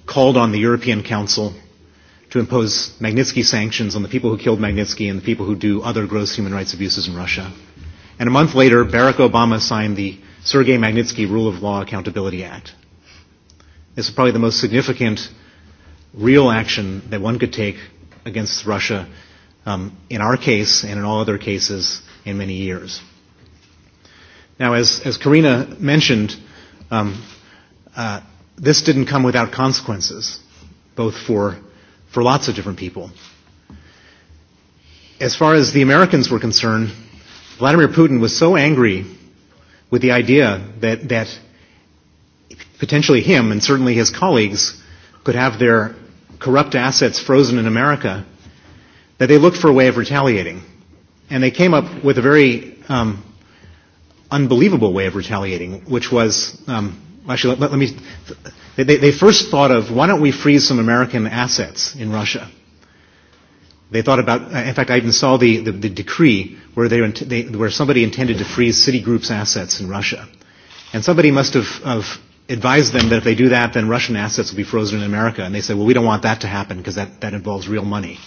called on the European Council to impose Magnitsky sanctions on the people who killed Magnitsky and the people who do other gross human rights abuses in Russia. And a month later, Barack Obama signed the Sergei Magnitsky Rule of Law Accountability Act. This is probably the most significant real action that one could take against Russia in our case and in all other cases in many years. Now, as, as Karina mentioned, um, uh, this didn't come without consequences, both for, for lots of different people. As far as the Americans were concerned, Vladimir Putin was so angry with the idea that, that potentially him and certainly his colleagues could have their corrupt assets frozen in America that they looked for a way of retaliating. And they came up with a very um, unbelievable way of retaliating, which was um, actually, let, me, they, they first thought of why don't we freeze some American assets in Russia? They thought about, in fact, I even saw the, the, the decree where, they, they, where somebody intended to freeze Citigroup's assets in Russia. And somebody must have, have advised them that if they do that, then Russian assets will be frozen in America. And they said, well, we don't want that to happen because that, that involves real money.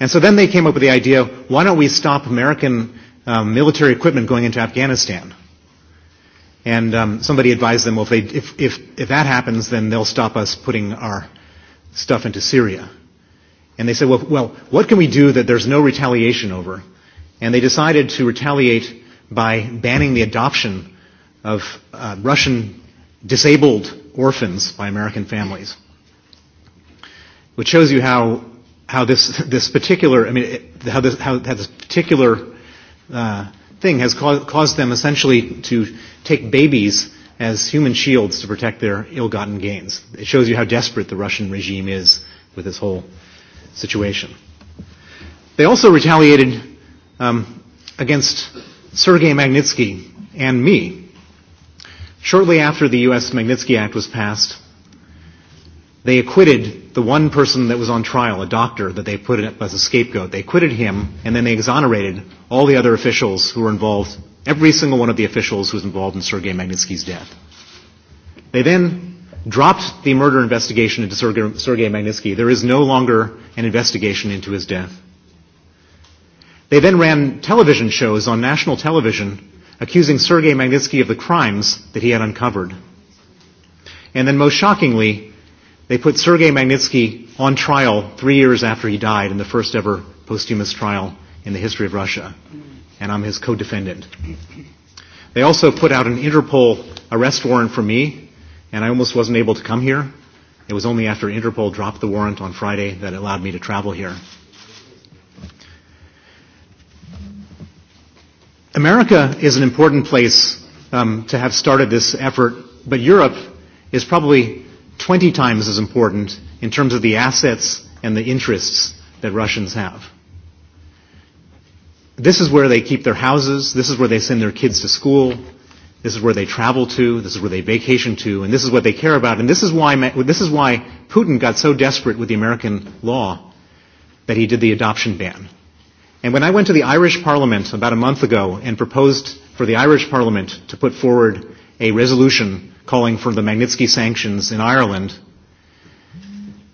And so then they came up with the idea, why don't we stop American military equipment going into Afghanistan? And somebody advised them, well, if, they, if, if, if that happens, then they'll stop us putting our stuff into Syria. And they said, well, well, what can we do that there's no retaliation over? And they decided to retaliate by banning the adoption of Russian disabled orphans by American families, which shows you how how this this particular I mean how this how this particular thing has caused them essentially to take babies as human shields to protect their ill-gotten gains. It shows you how desperate the Russian regime is with this whole situation. They also retaliated um, against Sergei Magnitsky and me. Shortly after the U.S. Magnitsky Act was passed, they acquitted the one person that was on trial, a doctor that they put up as a scapegoat, they acquitted him and then they exonerated all the other officials who were involved, every single one of the officials who was involved in Sergei Magnitsky's death. They then dropped the murder investigation into Sergei Magnitsky. There is no longer an investigation into his death. They then ran television shows on national television accusing Sergei Magnitsky of the crimes that he had uncovered. And then most shockingly, They put Sergei Magnitsky on trial three years after he died in the first ever posthumous trial in the history of Russia, and I'm his co-defendant. They also put out an Interpol arrest warrant for me, and I almost wasn't able to come here. It was only after Interpol dropped the warrant on Friday that allowed me to travel here. America is an important place um, to have started this effort, but Europe is probably 20 times as important in terms of the assets and the interests that Russians have. This is where they keep their houses, this is where they send their kids to school, this is where they travel to, this is where they vacation to, and this is what they care about. And this is why, this is why Putin got so desperate with the American law that he did the adoption ban. And when I went to the Irish Parliament about a month ago and proposed for the Irish Parliament to put forward a resolution calling for the Magnitsky sanctions in Ireland,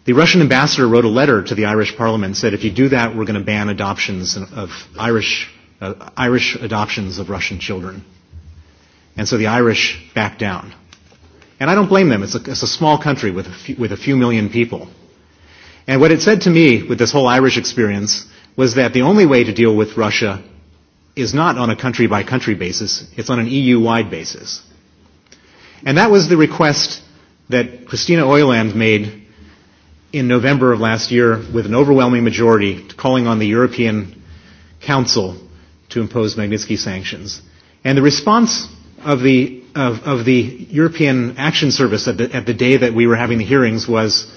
the Russian ambassador wrote a letter to the Irish Parliament and said, if you do that, we're going to ban adoptions of Irish, Irish adoptions of Russian children. And so the Irish backed down. And I don't blame them. It's a, it's a small country with a, few, with a few million people. And what it said to me with this whole Irish experience was that the only way to deal with Russia is not on a country-by-country basis. It's on an EU-wide basis. And that was the request that Christina Oyland made in November of last year with an overwhelming majority calling on the European Council to impose Magnitsky sanctions. And the response of the of of the European Action Service at the at the day that we were having the hearings was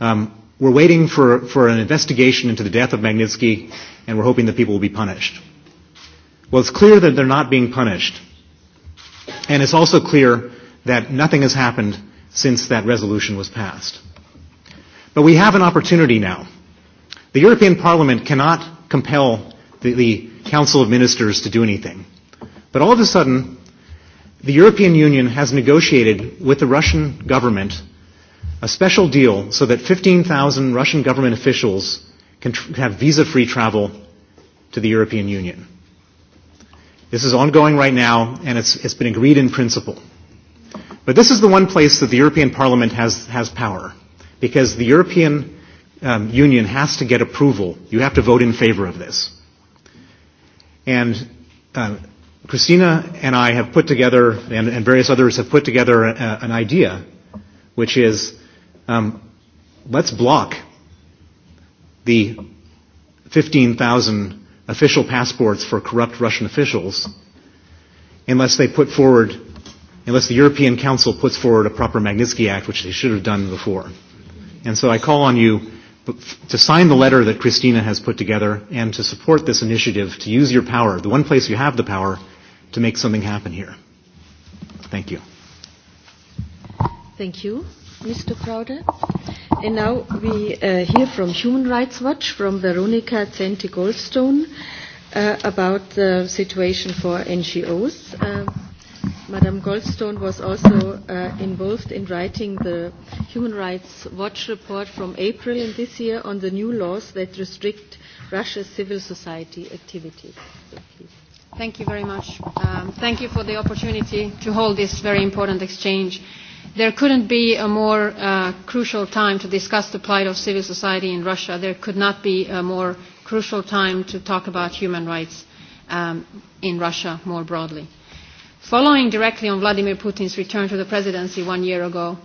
um we're waiting for for an investigation into the death of Magnitsky and we're hoping that people will be punished. Well it's clear that they're not being punished. And it's also clear that nothing has happened since that resolution was passed. But we have an opportunity now. The European Parliament cannot compel the Council of Ministers to do anything. But all of a sudden, the European Union has negotiated with the Russian government a special deal so that 15,000 Russian government officials can have visa-free travel to the European Union. This is ongoing right now, and it's been agreed in principle. But this is the one place that the European Parliament has has power, because the European Union has to get approval. You have to vote in favor of this. And Christina and I have put together, and and various others have put together an idea, which is, let's block the 15,000 official passports for corrupt Russian officials unless they put forward unless the European Council puts forward a proper Magnitsky Act, which they should have done before. And so I call on you to sign the letter that Christina has put together and to support this initiative, to use your power, the one place you have the power, to make something happen here. Thank you. Thank you, Mr. Crowder. And now we hear from Human Rights Watch, from Veronica Zenti-Goldstone, about the situation for NGOs. Madam Goldstone was also involved in writing the Human Rights Watch report from April in this year on the new laws that restrict Russia's civil society activities. Thank you very much. Thank you for the opportunity to hold this very important exchange. There couldn't be a more crucial time to discuss the plight of civil society in Russia. There could not be a more crucial time to talk about human rights in Russia more broadly. Following directly on Vladimir Putin's return to the presidency one year ago,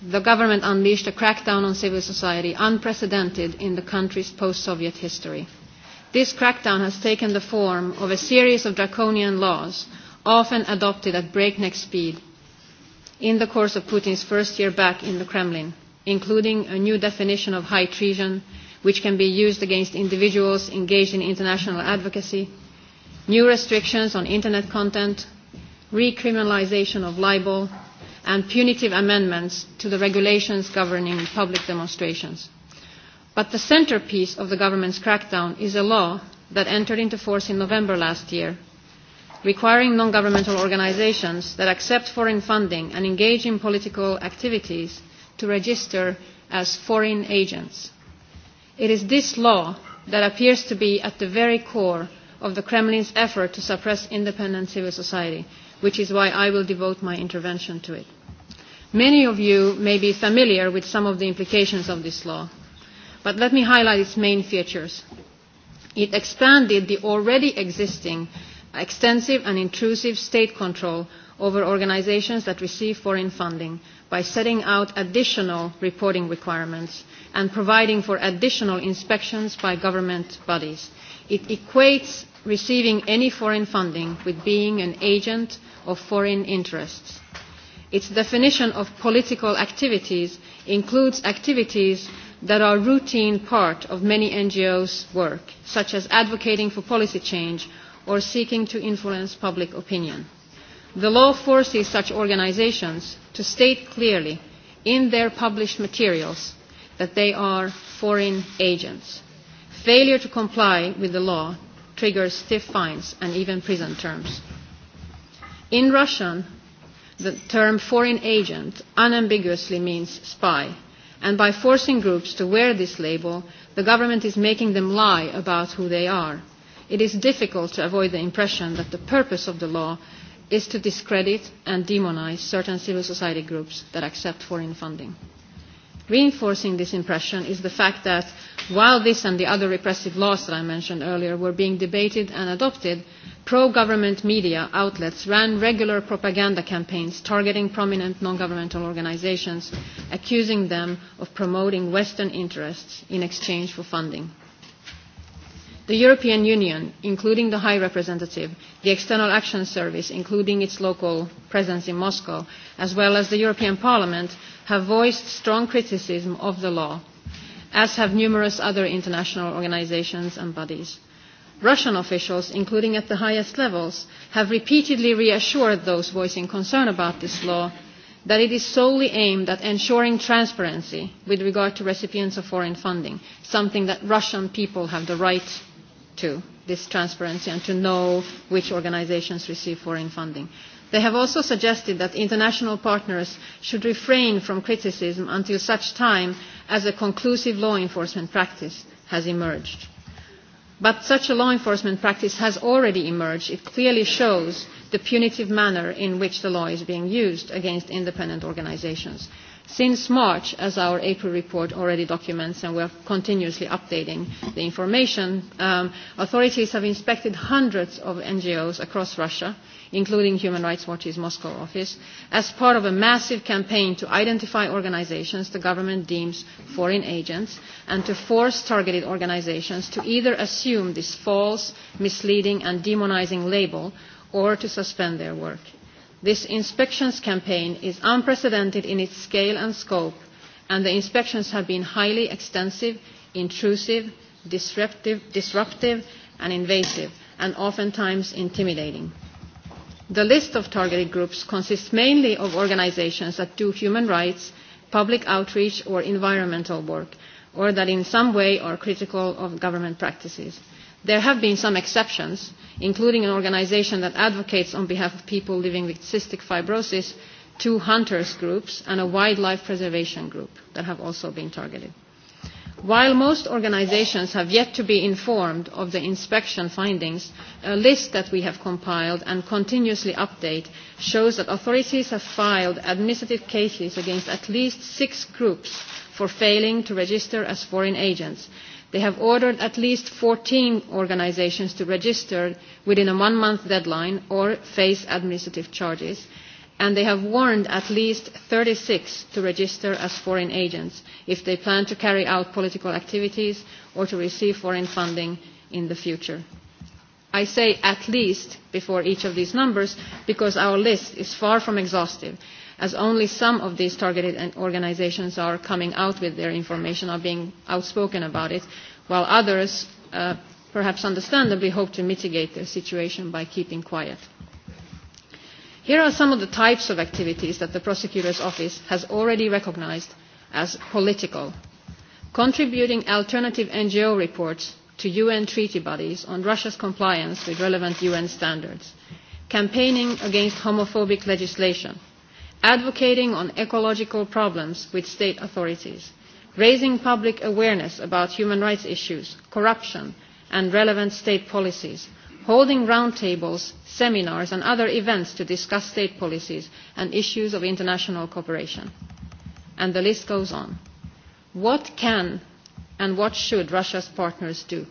the government unleashed a crackdown on civil society unprecedented in the country's post-Soviet history. This crackdown has taken the form of a series of draconian laws, often adopted at breakneck speed, in the course of Putin's first year back in the Kremlin, including a new definition of high treason, which can be used against individuals engaged in international advocacy, new restrictions on Internet content, recriminalization of libel, and punitive amendments to the regulations governing public demonstrations. But the centerpiece of the government's crackdown is a law that entered into force in November last year, requiring non-governmental organizations that accept foreign funding and engage in political activities to register as foreign agents. It is this law that appears to be at the very core of the Kremlin's effort to suppress independent civil society which is why I will devote my intervention to it. Many of you may be familiar with some of the implications of this law, but let me highlight its main features. It expanded the already existing extensive and intrusive state control over organisations that receive foreign funding by setting out additional reporting requirements and providing for additional inspections by government bodies. It equates receiving any foreign funding with being an agent of foreign interests. Its definition of political activities includes activities that are routine part of many NGOs' work, such as advocating for policy change or seeking to influence public opinion. The law forces such organizations to state clearly in their published materials that they are foreign agents. Failure to comply with the law triggers stiff fines and even prison terms. In Russian, the term foreign agent unambiguously means spy, and by forcing groups to wear this label, the government is making them lie about who they are. It is difficult to avoid the impression that the purpose of the law is to discredit and demonize certain civil society groups that accept foreign funding reinforcing this impression is the fact that while this and the other repressive laws that I mentioned earlier were being debated and adopted, pro-government media outlets ran regular propaganda campaigns targeting prominent non-governmental organizations, accusing them of promoting Western interests in exchange for funding. The European Union, including the High Representative, the External Action Service, including its local presence in Moscow, as well as the European Parliament, have voiced strong criticism of the law, as have numerous other international organisations and bodies. Russian officials, including at the highest levels, have repeatedly reassured those voicing concern about this law that it is solely aimed at ensuring transparency with regard to recipients of foreign funding, something that Russian people have the right to this transparency and to know which organizations receive foreign funding. They have also suggested that international partners should refrain from criticism until such time as a conclusive law enforcement practice has emerged. But such a law enforcement practice has already emerged. It clearly shows the punitive manner in which the law is being used against independent organizations. Since March, as our April report already documents, and we are continuously updating the information, authorities have inspected hundreds of NGOs across Russia, including Human Rights Watch's Moscow office, as part of a massive campaign to identify organizations the government deems foreign agents and to force targeted organizations to either assume this false, misleading, and demonizing label or to suspend their work. This inspections campaign is unprecedented in its scale and scope, and the inspections have been highly extensive, intrusive, disruptive disruptive and invasive, and oftentimes intimidating. The list of targeted groups consists mainly of organisations that do human rights, public outreach or environmental work, or that in some way are critical of government practices. There have been some exceptions, including an organisation that advocates on behalf of people living with cystic fibrosis, two hunters groups and a wildlife preservation group that have also been targeted. While most organisations have yet to be informed of the inspection findings, a list that we have compiled and continuously update shows that authorities have filed administrative cases against at least six groups for failing to register as foreign agents, They have ordered at least 14 organisations to register within a one-month deadline or face administrative charges, and they have warned at least 36 to register as foreign agents if they plan to carry out political activities or to receive foreign funding in the future. I say at least before each of these numbers because our list is far from exhaustive as only some of these targeted organizations are coming out with their information, are being outspoken about it, while others, perhaps understandably, hope to mitigate their situation by keeping quiet. Here are some of the types of activities that the Prosecutor's Office has already recognized as political. Contributing alternative NGO reports to UN treaty bodies on Russia's compliance with relevant UN standards. Campaigning against homophobic legislation advocating on ecological problems with state authorities, raising public awareness about human rights issues, corruption and relevant state policies, holding roundtables, seminars and other events to discuss state policies and issues of international cooperation. And the list goes on. What can and what should Russia's partners do?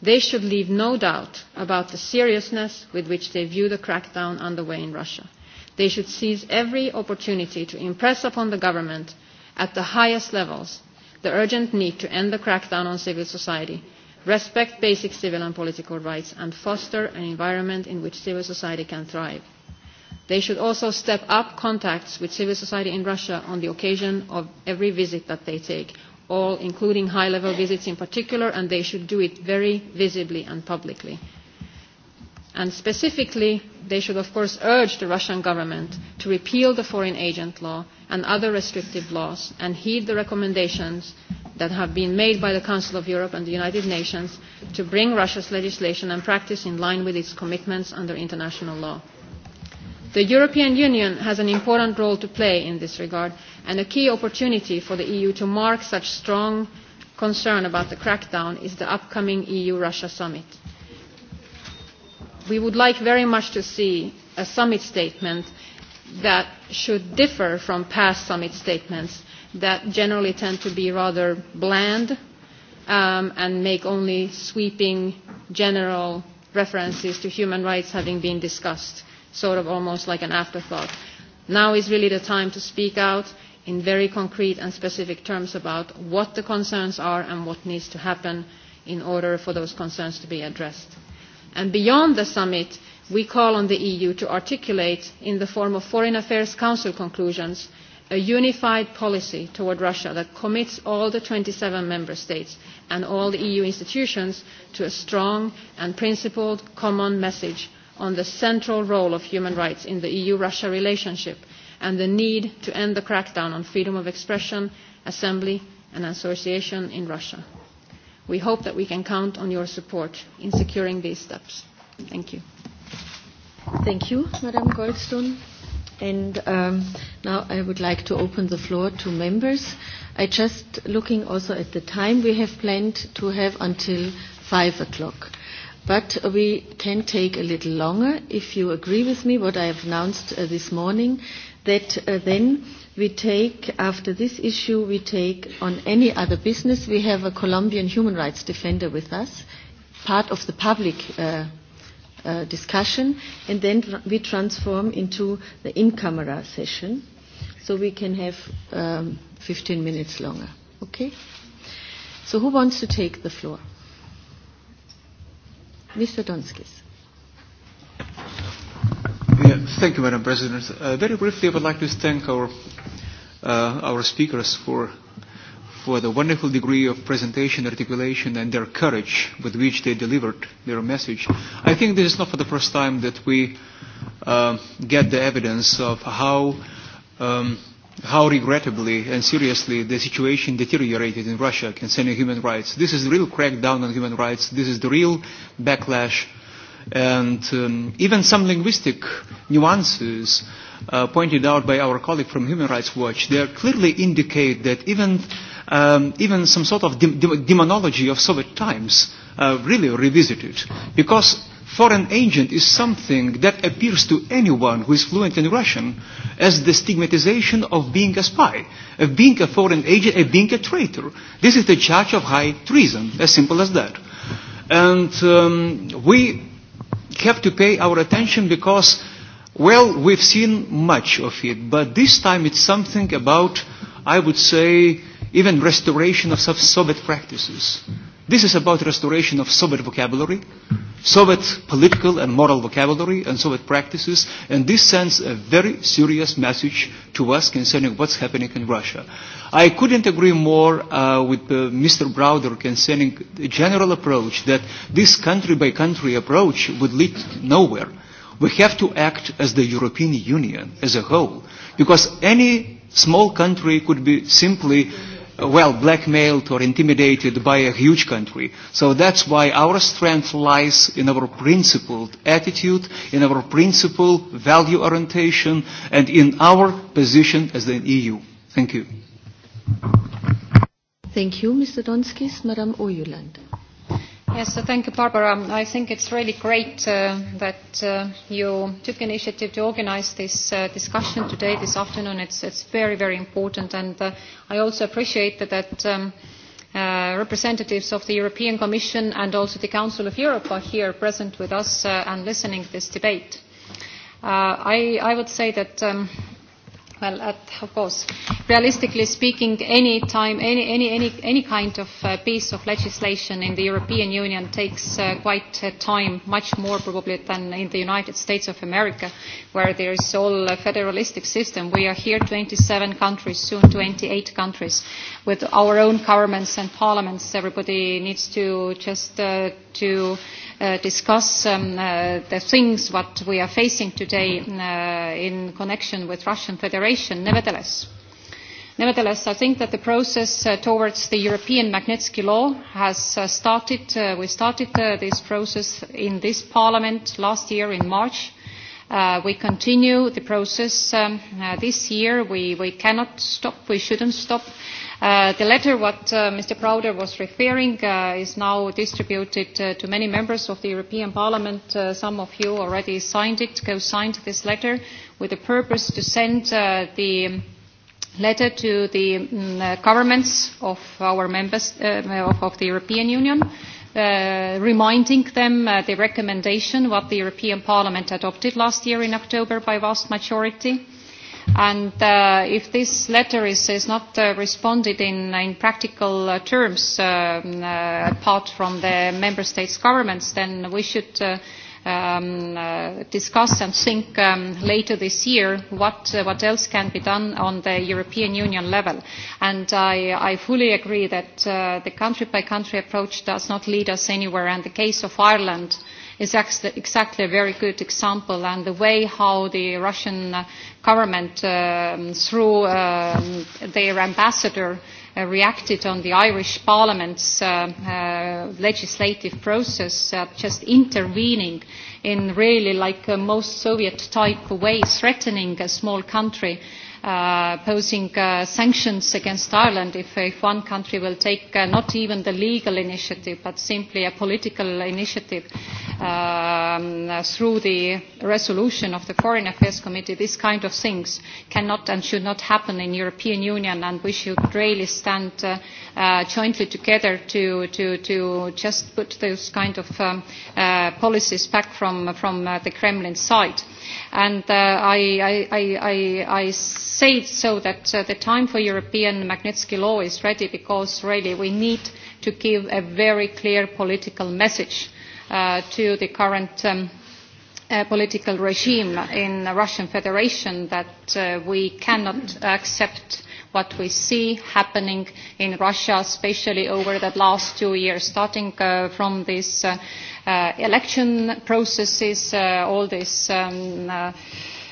They should leave no doubt about the seriousness with which they view the crackdown underway in Russia They should seize every opportunity to impress upon the government at the highest levels the urgent need to end the crackdown on civil society, respect basic civil and political rights, and foster an environment in which civil society can thrive. They should also step up contacts with civil society in Russia on the occasion of every visit that they take, all including high-level visits in particular, and they should do it very visibly and publicly. And specifically, they should of course urge the Russian government to repeal the foreign agent law and other restrictive laws and heed the recommendations that have been made by the Council of Europe and the United Nations to bring Russia's legislation and practice in line with its commitments under international law. The European Union has an important role to play in this regard and a key opportunity for the EU to mark such strong concern about the crackdown is the upcoming EU-Russia summit we would like very much to see a summit statement that should differ from past summit statements that generally tend to be rather bland and make only sweeping general references to human rights having been discussed, sort of almost like an afterthought. Now is really the time to speak out in very concrete and specific terms about what the concerns are and what needs to happen in order for those concerns to be addressed and beyond the summit we call on the eu to articulate in the form of foreign affairs council conclusions a unified policy toward russia that commits all the 27 member states and all the eu institutions to a strong and principled common message on the central role of human rights in the eu russia relationship and the need to end the crackdown on freedom of expression assembly and association in russia we hope that we can count on your support in securing these steps. Thank you. Thank you, Madam Goldstone. And now I would like to open the floor to members. I just looking also at the time we have planned to have until five o'clock. But we can take a little longer if you agree with me what I have announced this morning that then we take, after this issue, we take on any other business. We have a Colombian human rights defender with us, part of the public discussion, and then we transform into the in-camera session, so we can have 15 minutes longer. Okay? So who wants to take the floor? Mr. Donskis. Thank you, Madam President. Very briefly, I would like to thank our our speakers for for the wonderful degree of presentation, articulation, and their courage with which they delivered their message. I think this is not for the first time that we get the evidence of how how regrettably and seriously the situation deteriorated in Russia concerning human rights. This is the real crackdown on human rights. This is the real backlash and even some linguistic nuances pointed out by our colleague from Human Rights Watch, they clearly indicate that even even some sort of demonology of Soviet times really revisited, because foreign agent is something that appears to anyone who is fluent in Russian as the stigmatization of being a spy, of being a foreign agent, of being a traitor. This is the charge of high treason, as simple as that. And we have to pay our attention because, well, we've seen much of it, but this time it's something about, I would say, even restoration of Soviet practices. This is about restoration of Soviet vocabulary, Soviet political and moral vocabulary and Soviet practices, and this sends a very serious message to us concerning what's happening in Russia. I couldn't agree more with Mr. Browder concerning the general approach that this country-by-country approach would lead nowhere. We have to act as the European Union as a whole, because any small country could be simply well, blackmailed or intimidated by a huge country. So that's why our strength lies in our principled attitude, in our principled value orientation, and in our position as the EU. Thank you. Thank you, Mr. Donskis. Madam Oyuland. Yes, thank you, Barbara. I think it's really great that you took initiative to organize this discussion today, this afternoon. It's, it's very, very important. And I also appreciate that representatives of the European Commission and also the Council of Europe are here present with us and listening to this debate. I, I would say that well, of course, realistically speaking, any time, any, any, any, any kind of piece of legislation in the European Union takes quite time, much more probably than in the United States of America, where there is all a federalistic system. We are here 27 countries, soon 28 countries, with our own governments and parliaments. Everybody needs to just to discuss the things what we are facing today in connection with Russian Federation nevertheless. Nevertheless, I think that the process towards the European Magnitsky Law has started. We started this process in this Parliament last year in March. We continue the process this year. We cannot stop. We shouldn't stop. The letter what Mr. Prouder was referring is now distributed to many members of the European Parliament. Some of you already signed it, co-signed this letter with the purpose to send the letter to the governments of our members of the European Union reminding them the recommendation what the European Parliament adopted last year in October by vast majority. And if this letter is not responded in practical terms apart from the Member States' governments, then we should discuss and think later this year what what else can be done on the European Union level. And I fully agree that the country-by-country approach does not lead us anywhere. And the case of Ireland is exactly a very good example and the way how the Russian government through their ambassador reacted on the Irish Parliament's legislative process, just intervening in really like a most Soviet type way, threatening a small country posing sanctions against Ireland if one country will take not even the legal initiative but simply a political initiative through the resolution of the Foreign Affairs Committee. These kind of things cannot and should not happen in the European Union and we should really stand jointly together to just put those kind of policies back from the Kremlin side. And I say it so that the time for European Magnitsky Law is ready because really we need to give a very clear political message to the current political regime in the Russian Federation that we cannot accept what we see happening in Russia, especially over the last two years, starting from this election processes, all this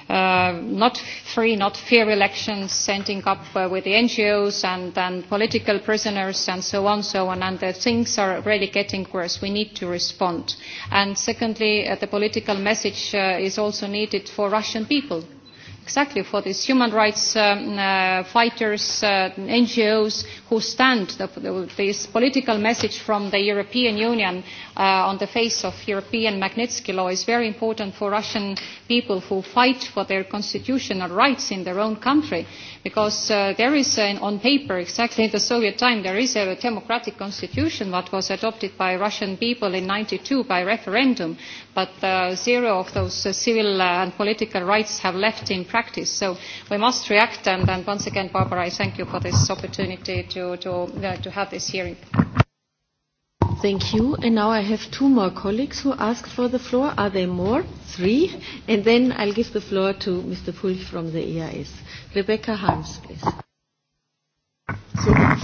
not free, not fair elections, ending up with the NGOs and political prisoners and so on, so on, and the things are really getting worse. We need to respond. And secondly, the political message is also needed for Russian people exactly for these human rights fighters, NGOs who stand this political message from the European Union on the face of European Magnitsky Law is very important for Russian people who fight for their constitutional rights in their own country because there is on paper exactly in the Soviet time there is a democratic constitution that was adopted by Russian people in 92 by referendum but zero of those civil and political rights have left in practice. So we must react. And once again, Barbara, I thank you for this opportunity to have this hearing. Thank you. And now I have two more colleagues who asked for the floor. Are there more? Three. And then I'll give the floor to Mr. Pulch from the EIS. Rebecca Harms, please.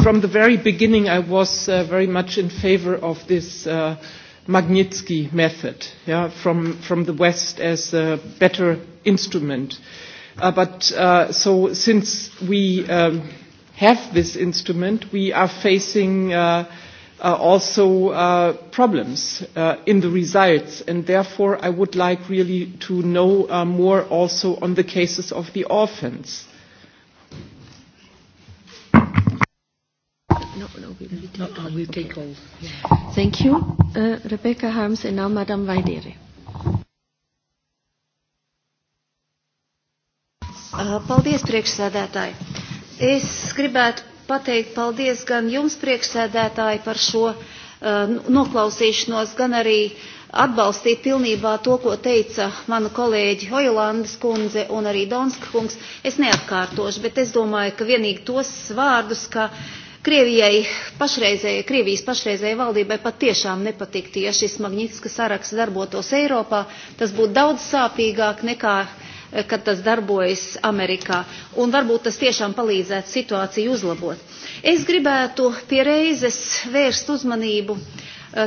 From the very beginning, I was very much in favor of this Magnitsky method, from the West as a better instrument But so since we have this instrument, we are facing also problems in the results. And therefore, I would like really to know more also on the cases of the orphans. Thank you, Rebecca Harms, and now Madame Vaidere. Paldies, priekšsēdētāji. Es gribētu pateikt paldies gan jums, priekšsēdētāji, par šo noklausīšanos, gan arī atbalstīt pilnībā to, ko teica mana kolēģi Hoilandes kundze un arī Donska kungs. Es neatkārtošu, bet es domāju, ka vienīgi tos vārdus, ka Krievijai pašreizējai, Krievijas pašreizējai valdībai patiešām nepatiktu, ja šis Magnitska saraksts darbotos Eiropā, tas būtu daudz sāpīgāk nekā kad tas darbojas Amerikā, un varbūt tas tiešām palīdzētu situāciju uzlabot. Es gribētu pie reizes vērst uzmanību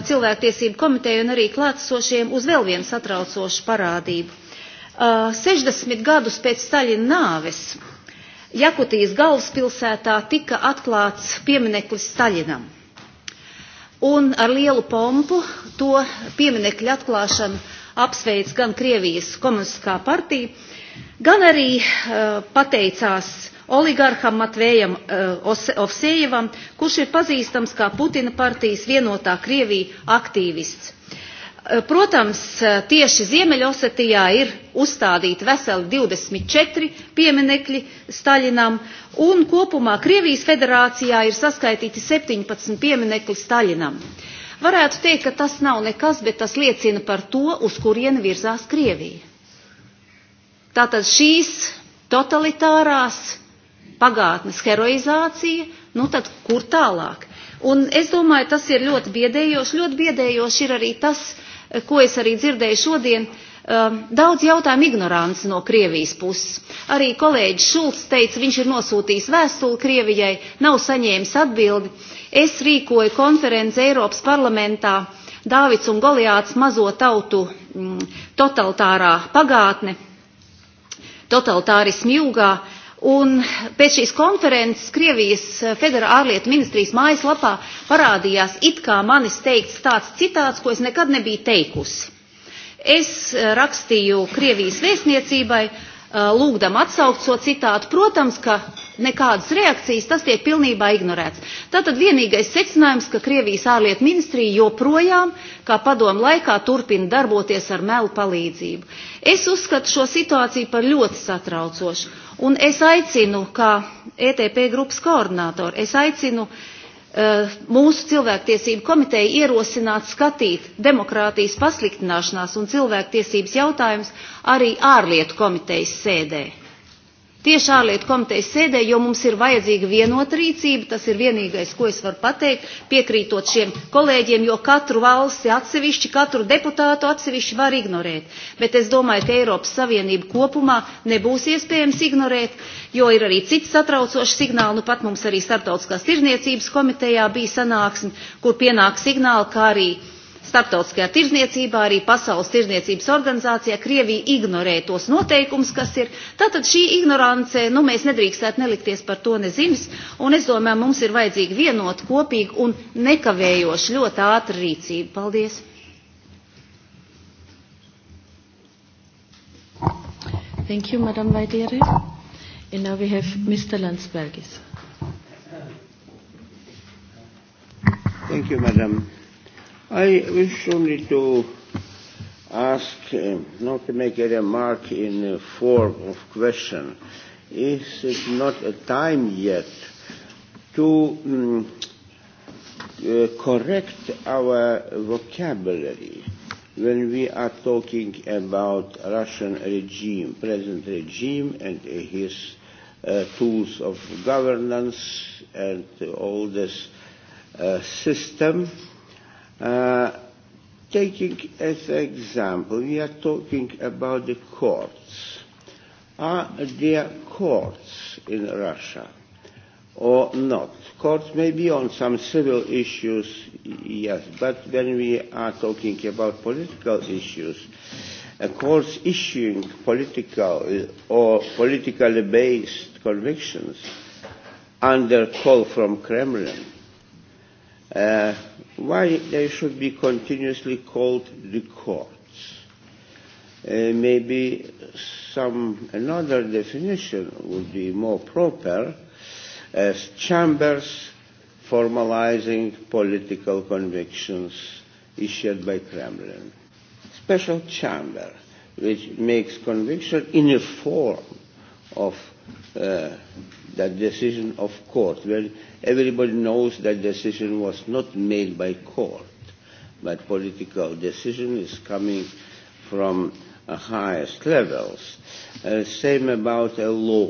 cilvēktiesību komiteju un arī klātesošiem uz vēl vienu satraucošu parādību. 60 gadus pēc Staļina nāves Jakutijas galvaspilsētā tika atklāts piemineklis Staļinam. Un ar lielu pompu to pieminekļu atklāšanu apsveic gan Krievijas komunistiskā partija, gan arī pateicās oligarham Matvējam Ovsejevam, kurš ir pazīstams kā Putina partijas vienotā Krievija aktīvists. Protams, tieši Ziemeļosetijā ir uzstādīti veseli 24 pieminekļi Staļinam, un kopumā Krievijas federācijā ir saskaitīti 17 pieminekļi Staļinam. Varētu teikt, ka tas nav nekas, bet tas liecina par to, uz kurieni virzās Krievija. Tātad šīs totalitārās pagātnes heroizācija, nu tad kur tālāk? Un es domāju, tas ir ļoti biedējoši. Ļoti biedējoši ir arī tas, ko es arī dzirdēju šodien, daudz jautājumu ignorants no Krievijas puses. Arī kolēģis Šulcs teica, viņš ir nosūtījis vēstuli Krievijai, nav saņēmis atbildi. Es rīkoju konferenci Eiropas parlamentā Dāvids un Goliāts mazo tautu totalitārā pagātne – totalitārismu jūgā. Un pēc šīs konferences Krievijas federāla ārlietu ministrijas mājaslapā parādījās it kā manis teikts tāds citāts, ko es nekad nebiju teikusi. Es rakstīju Krievijas vēstniecībai, lūgdam atsaukt šo citātu. Protams, ka nekādas reakcijas, tas tiek pilnībā ignorēts. Tātad vienīgais secinājums, ka Krievijas ārlietu ministrija joprojām, kā padomu laikā, turpina darboties ar melu palīdzību. Es uzskatu šo situāciju par ļoti satraucošu, un es aicinu, kā ETP grupas koordinātori, es aicinu mūsu cilvēktiesību komiteja ierosināt skatīt demokrātijas pasliktināšanās un cilvēktiesības jautājumus arī ārlietu komitejas sēdē tiešā lietu komitejas sēdē, jo mums ir vajadzīga vienota rīcība, tas ir vienīgais, ko es varu pateikt, piekrītot šiem kolēģiem, jo katru valsti atsevišķi, katru deputātu atsevišķi var ignorēt. Bet es domāju, ka Eiropas Savienība kopumā nebūs iespējams ignorēt, jo ir arī cits satraucošs signāli, nu pat mums arī starptautiskās tirniecības komitejā bija sanāksme, kur pienāk signāli, kā arī Startautiskajā tirzniecībā, arī Pasaules tirzniecības organizācijā Krievija ignorē tos noteikumus, kas ir. Tātad šī ignorance, nu mēs nedrīkstētu nelikties par to nezinis, un es domāju, mums ir vajadzīga vienot kopīgi un nekavējoša ļoti ātra rīcība. Paldies! Thank you, Madam Vaidere. And now we have Mr. Landsbergis. Thank you, Madam I wish only to ask, not to make a remark in the form of question. Is it not a time yet to correct our vocabulary when we are talking about Russian regime, present regime and his tools of governance and all this system? Taking as an example, we are talking about the courts. Are there courts in Russia or not? Courts may be on some civil issues, yes, but when we are talking about political issues, courts issuing political or politically based convictions under call from Kremlin why they should be continuously called the courts. Maybe some another definition would be more proper as chambers formalizing political convictions issued by Kremlin. Special chamber which makes conviction in a form of that decision of court. Well, everybody knows that decision was not made by court, but political decision is coming from highest levels. same about a law.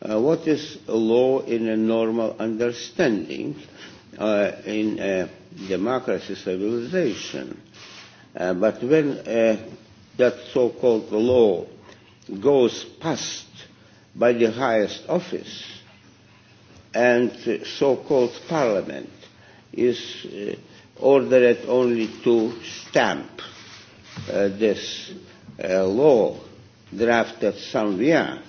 what is a law in a normal understanding in a democracy civilization? but when that so-called law goes past by the highest office and so-called parliament is ordered only to stamp this law drafted somewhere.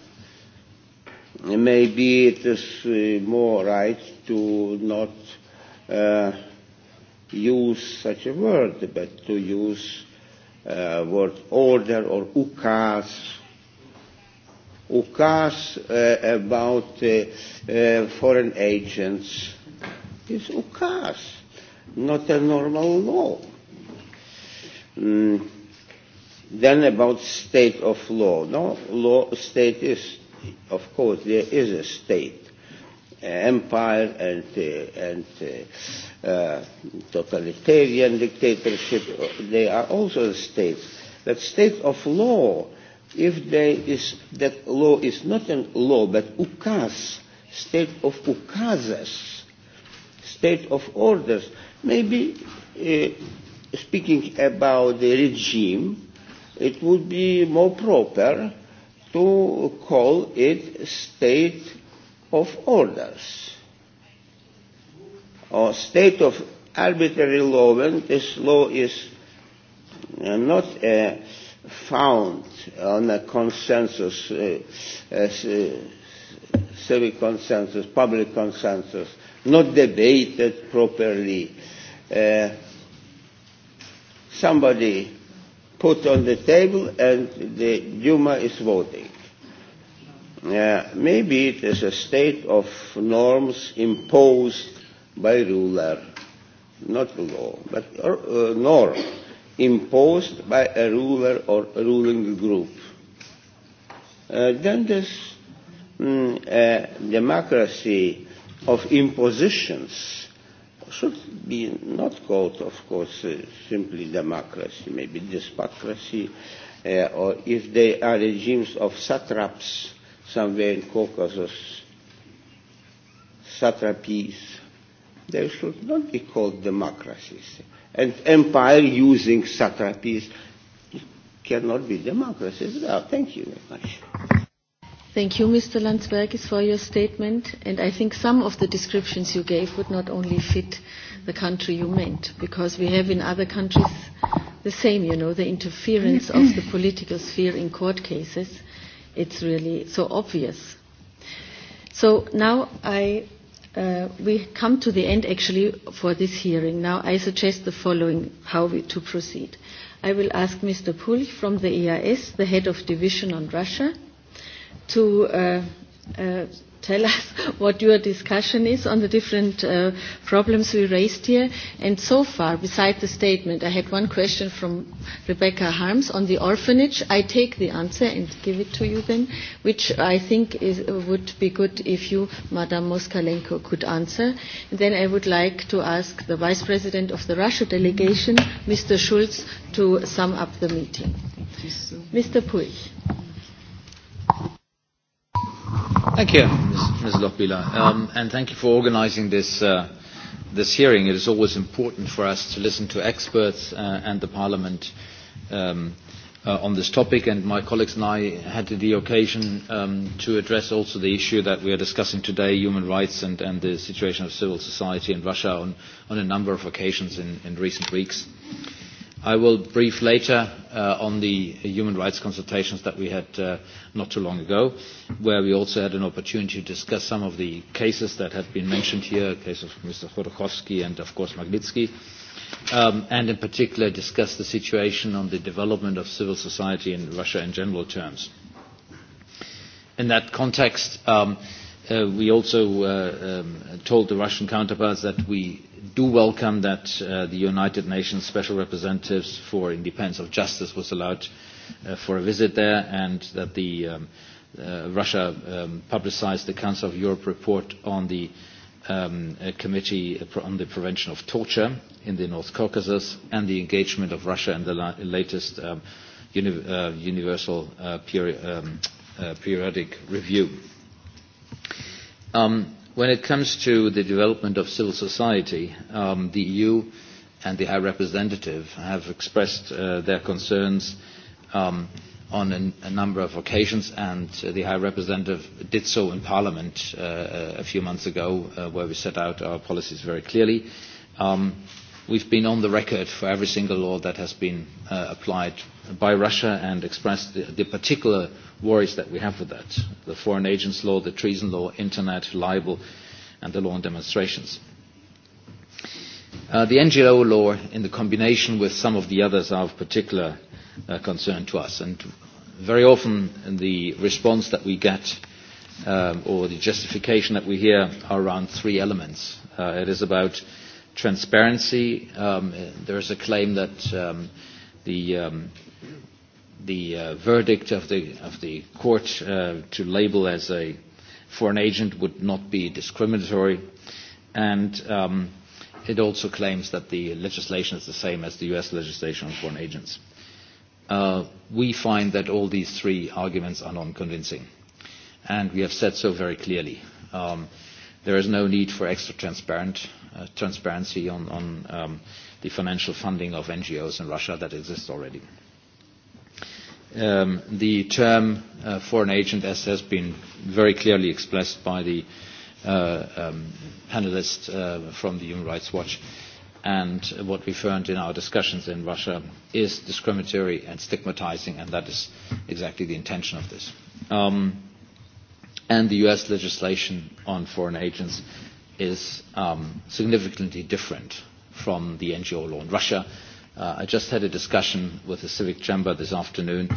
Maybe it is more right to not use such a word, but to use word order or ukas uh about foreign agents is UCAS, not a normal law. Then about state of law. No, law state is, of course, there is a state, empire and and totalitarian dictatorship. They are also states. But state of law if there is that law is not a law but ukaz, state of ukazes, state of orders, maybe speaking about the regime, it would be more proper to call it state of orders or state of arbitrary law when this law is not a found on a consensus, civic consensus, public consensus, not debated properly. Somebody put on the table and the Duma is voting. Maybe it is a state of norms imposed by ruler, not law, but norm imposed by a ruler or a ruling group. Then this democracy of impositions should be not called, of course, simply democracy, maybe despocracy, or if they are regimes of satraps somewhere in Caucasus, satrapies They should not be called democracies. And empire using satrapies cannot be democracies. Well, thank you very much. Thank you, Mr. Landsbergis, for your statement. And I think some of the descriptions you gave would not only fit the country you meant, because we have in other countries the same, you know, the interference of the political sphere in court cases. It's really so obvious. So now I We come to the end actually for this hearing. Now I suggest the following how to proceed. I will ask Mr. Pulch from the EIS, the head of division on Russia, to tell us what your discussion is on the different problems we raised here. And so far, beside the statement, I had one question from Rebecca Harms on the orphanage. I take the answer and give it to you then, which I think is, would be good if you, Madame Moskalenko, could answer. And then I would like to ask the Vice President of the Russia delegation, Mr. Schulz, to sum up the meeting. Mr. Puig. Thank you, Ms. Um, and thank you for organizing this this hearing. It is always important for us to listen to experts and the Parliament on this topic, and my colleagues and I had the occasion to address also the issue that we are discussing today, human rights and the situation of civil society in Russia, on a number of occasions in recent weeks. I will brief later on the human rights consultations that we had not too long ago, where we also had an opportunity to discuss some of the cases that have been mentioned here, the case of Mr. Khodorkovsky and, of course, Magnitsky, and in particular discuss the situation on the development of civil society in Russia in general terms. In that context, we also told the Russian counterparts that we do welcome that the United Nations Special Representatives for Independence of Justice was allowed for a visit there and that the Russia publicized the Council of Europe report on the Committee on the Prevention of Torture in the North Caucasus and the engagement of Russia in the latest Universal Periodic Review. Um When it comes to the development of civil society, the EU and the High Representative have expressed their concerns on a number of occasions, and the High Representative did so in Parliament a few months ago, where we set out our policies very clearly. We've been on the record for every single law that has been applied by Russia and expressed the particular worries that we have with that, the foreign agents law, the treason law, internet, libel, and the law on demonstrations. The NGO law in the combination with some of the others are of particular concern to us. And very often the response that we get or the justification that we hear are around three elements. It is about transparency. There is a claim that the the verdict of the of the court to label as a foreign agent would not be discriminatory and it also claims that the legislation is the same as the US legislation on foreign agents we find that all these three arguments are non convincing and we have said so very clearly there is no need for extra transparent transparency on on the financial funding of NGOs in Russia that exists already The term foreign agent, as has been very clearly expressed by the panelist from the Human Rights Watch, and what we found in our discussions in Russia is discriminatory and stigmatizing, and that is exactly the intention of this. And the U.S. legislation on foreign agents is significantly different from the NGO law in Russia I just had a discussion with the Civic Chamber this afternoon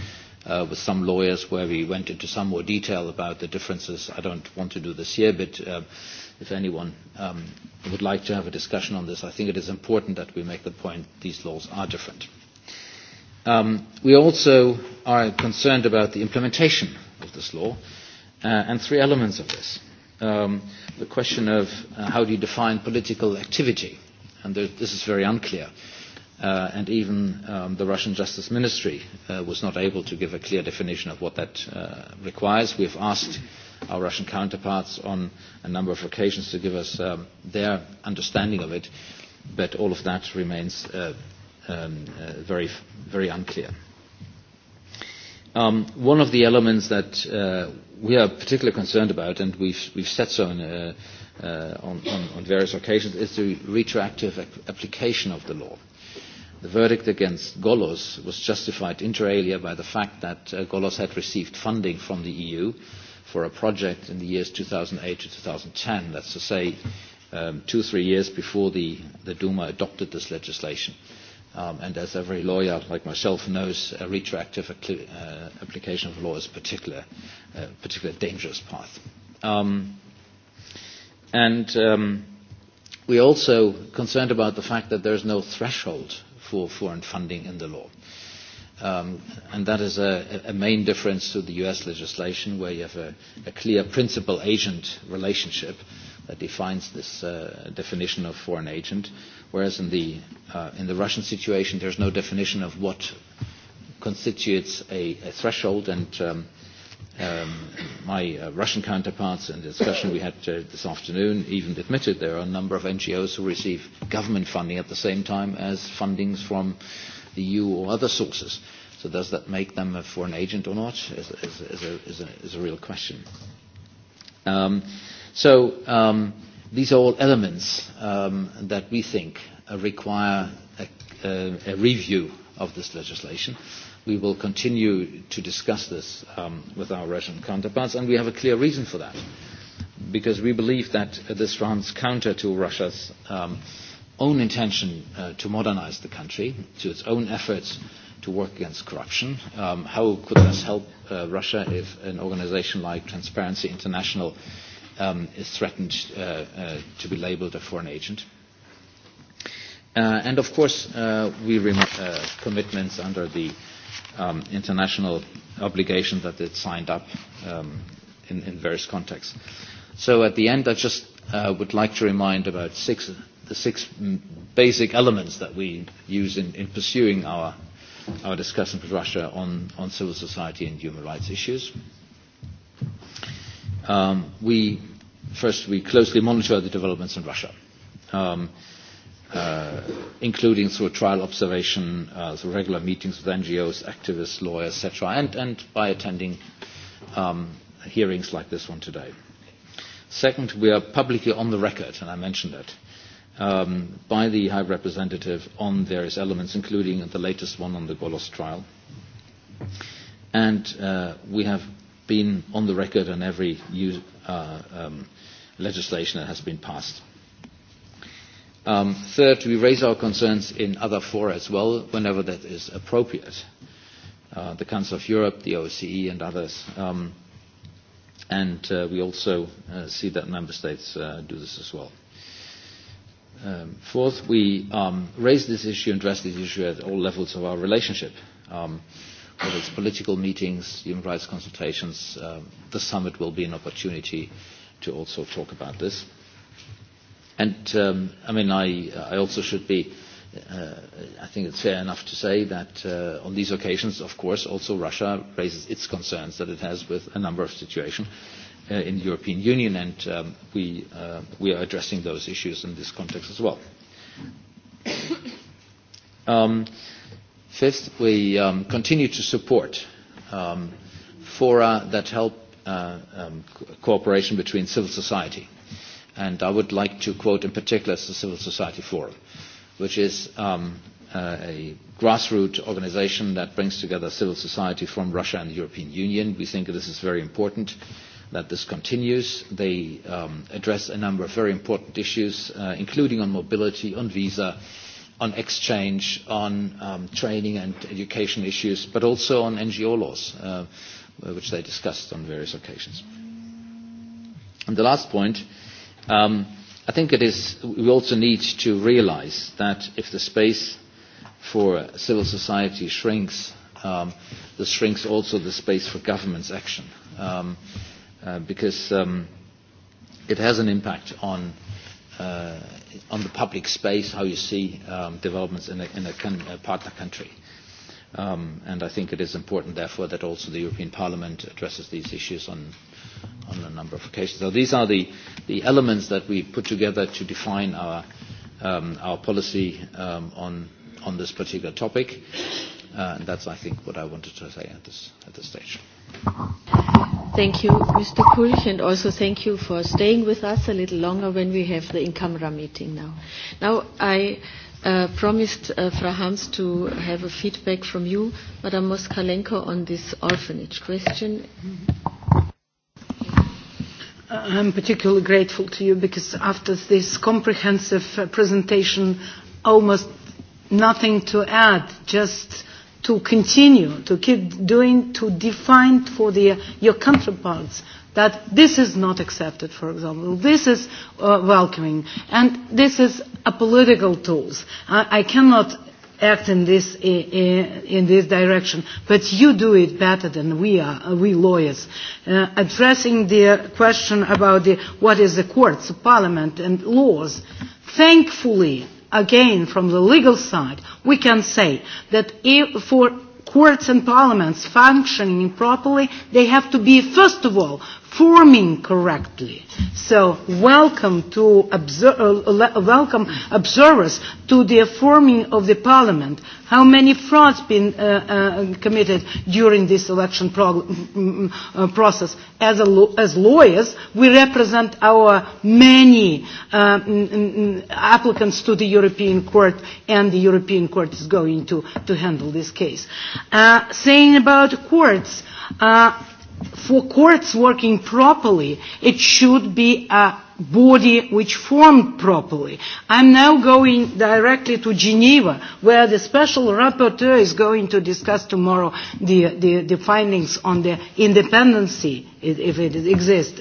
with some lawyers where we went into some more detail about the differences. I don't want to do this here, but if anyone would like to have a discussion on this, I think it is important that we make the point these laws are different. We also are concerned about the implementation of this law and three elements of this. The question of how do you define political activity, and this is very unclear and even the Russian Justice Ministry was not able to give a clear definition of what that requires. We have asked our Russian counterparts on a number of occasions to give us their understanding of it, but all of that remains very, very unclear. One of the elements that we are particularly concerned about, and we've said so on various occasions, is the retroactive application of the law. The verdict against Golos was justified inter alia by the fact that Golos had received funding from the EU for a project in the years 2008 to 2010, that's to say two, or three years before the Duma adopted this legislation. And as every lawyer like myself knows, a retroactive application of law is a particular dangerous path. And we are also concerned about the fact that there is no threshold for foreign funding in the law. And that is a main difference to the U.S. legislation, where you have a clear principal-agent relationship that defines this definition of foreign agent, whereas in the in the Russian situation, there's no definition of what constitutes a threshold and My Russian counterparts in the discussion we had this afternoon even admitted there are a number of NGOs who receive government funding at the same time as fundings from the EU or other sources. So does that make them a foreign agent or not is a real question. So these are all elements that we think require a review of this legislation we will continue to discuss this with our Russian counterparts, and we have a clear reason for that, because we believe that this runs counter to Russia's own intention to modernize the country, to its own efforts to work against corruption. How could this help Russia if an organization like Transparency International is threatened to be labeled a foreign agent? And, of course, we remember commitments under the um, international obligation that it signed up um, in, in various contexts. So at the end, I just uh, would like to remind about six, the six basic elements that we use in, in pursuing our, our discussion with Russia on, on civil society and human rights issues. Um, we, first, we closely monitor the developments in Russia. Um, including through trial observation, through regular meetings with NGOs, activists, lawyers, etc., and by attending hearings like this one today. Second, we are publicly on the record, and I mentioned that, by the High Representative on various elements, including the latest one on the Golos trial. And we have been on the record on every legislation that has been passed. Third, we raise our concerns in other fora as well, whenever that is appropriate. The Council of Europe, the OSCE and others. And we also see that Member States do this as well. Fourth, we raise this issue and address this issue at all levels of our relationship, whether it's political meetings, human rights consultations. The summit will be an opportunity to also talk about this. And I mean, I also should be, I think it's fair enough to say that on these occasions, of course, also Russia raises its concerns that it has with a number of situations in the European Union, and we we are addressing those issues in this context as well. Fifth, we continue to support fora that help cooperation between civil society And I would like to quote in particular the Civil Society Forum, which is a grassroots organization that brings together civil society from Russia and the European Union. We think this is very important that this continues. They address a number of very important issues, including on mobility, on visa, on exchange, on training and education issues, but also on NGO laws, which they discussed on various occasions. And the last point I think it is we also need to realise that if the space for civil society shrinks, this shrinks also the space for government's action, because it has an impact on on the public space, how you see developments in a partner country. And I think it is important, therefore, that also the European Parliament addresses these issues on on a number of occasions. So these are the the elements that we put together to define our um our policy um on on this particular topic. And that's, I think, what I wanted to say at this at this stage. Thank you, Mr. Kulch, and also thank you for staying with us a little longer when we have the in-camera meeting now. Now, I promised Frau Hans to have a feedback from you, Madam Moskalenko, on this orphanage question. I'm particularly grateful to you because after this comprehensive presentation, almost nothing to add, just to continue, to keep doing, to define for the, your counterparts that this is not accepted, for example, this is welcoming, and this is a political tool. I, I cannot act in this in this direction. But you do it better than we are, we lawyers. Addressing the question about what is the courts, parliament and laws, thankfully, again from the legal side, we can say that if for courts and parliaments functioning properly, they have to be, first of all, Forming correctly. So welcome to welcome observers to the forming of the parliament. How many frauds been committed during this election process? As as lawyers, we represent our many applicants to the European Court, and the European Court is going to to handle this case. Saying about courts for courts working properly, it should be a body which formed properly. I'm now going directly to Geneva, where the special rapporteur is going to discuss tomorrow the findings on the independency, if it exists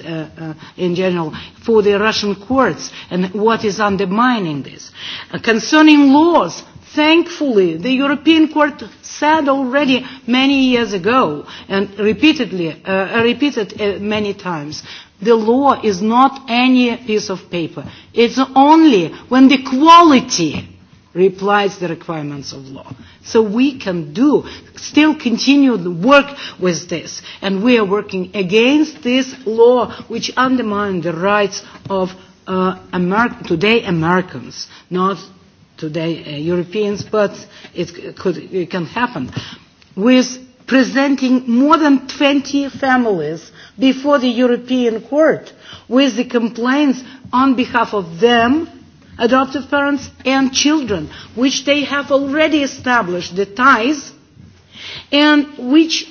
in general, for the Russian courts and what is undermining this. Concerning laws, Thankfully, the European Court said already many years ago and repeatedly, repeated many times, the law is not any piece of paper. It's only when the quality replies the requirements of law. So we can do, still continue to work with this. And we are working against this law which undermines the rights of today Americans, not today Europeans, but it could it can happen, with presenting more than 20 families before the European Court with the complaints on behalf of them, adoptive parents and children, which they have already established the ties and which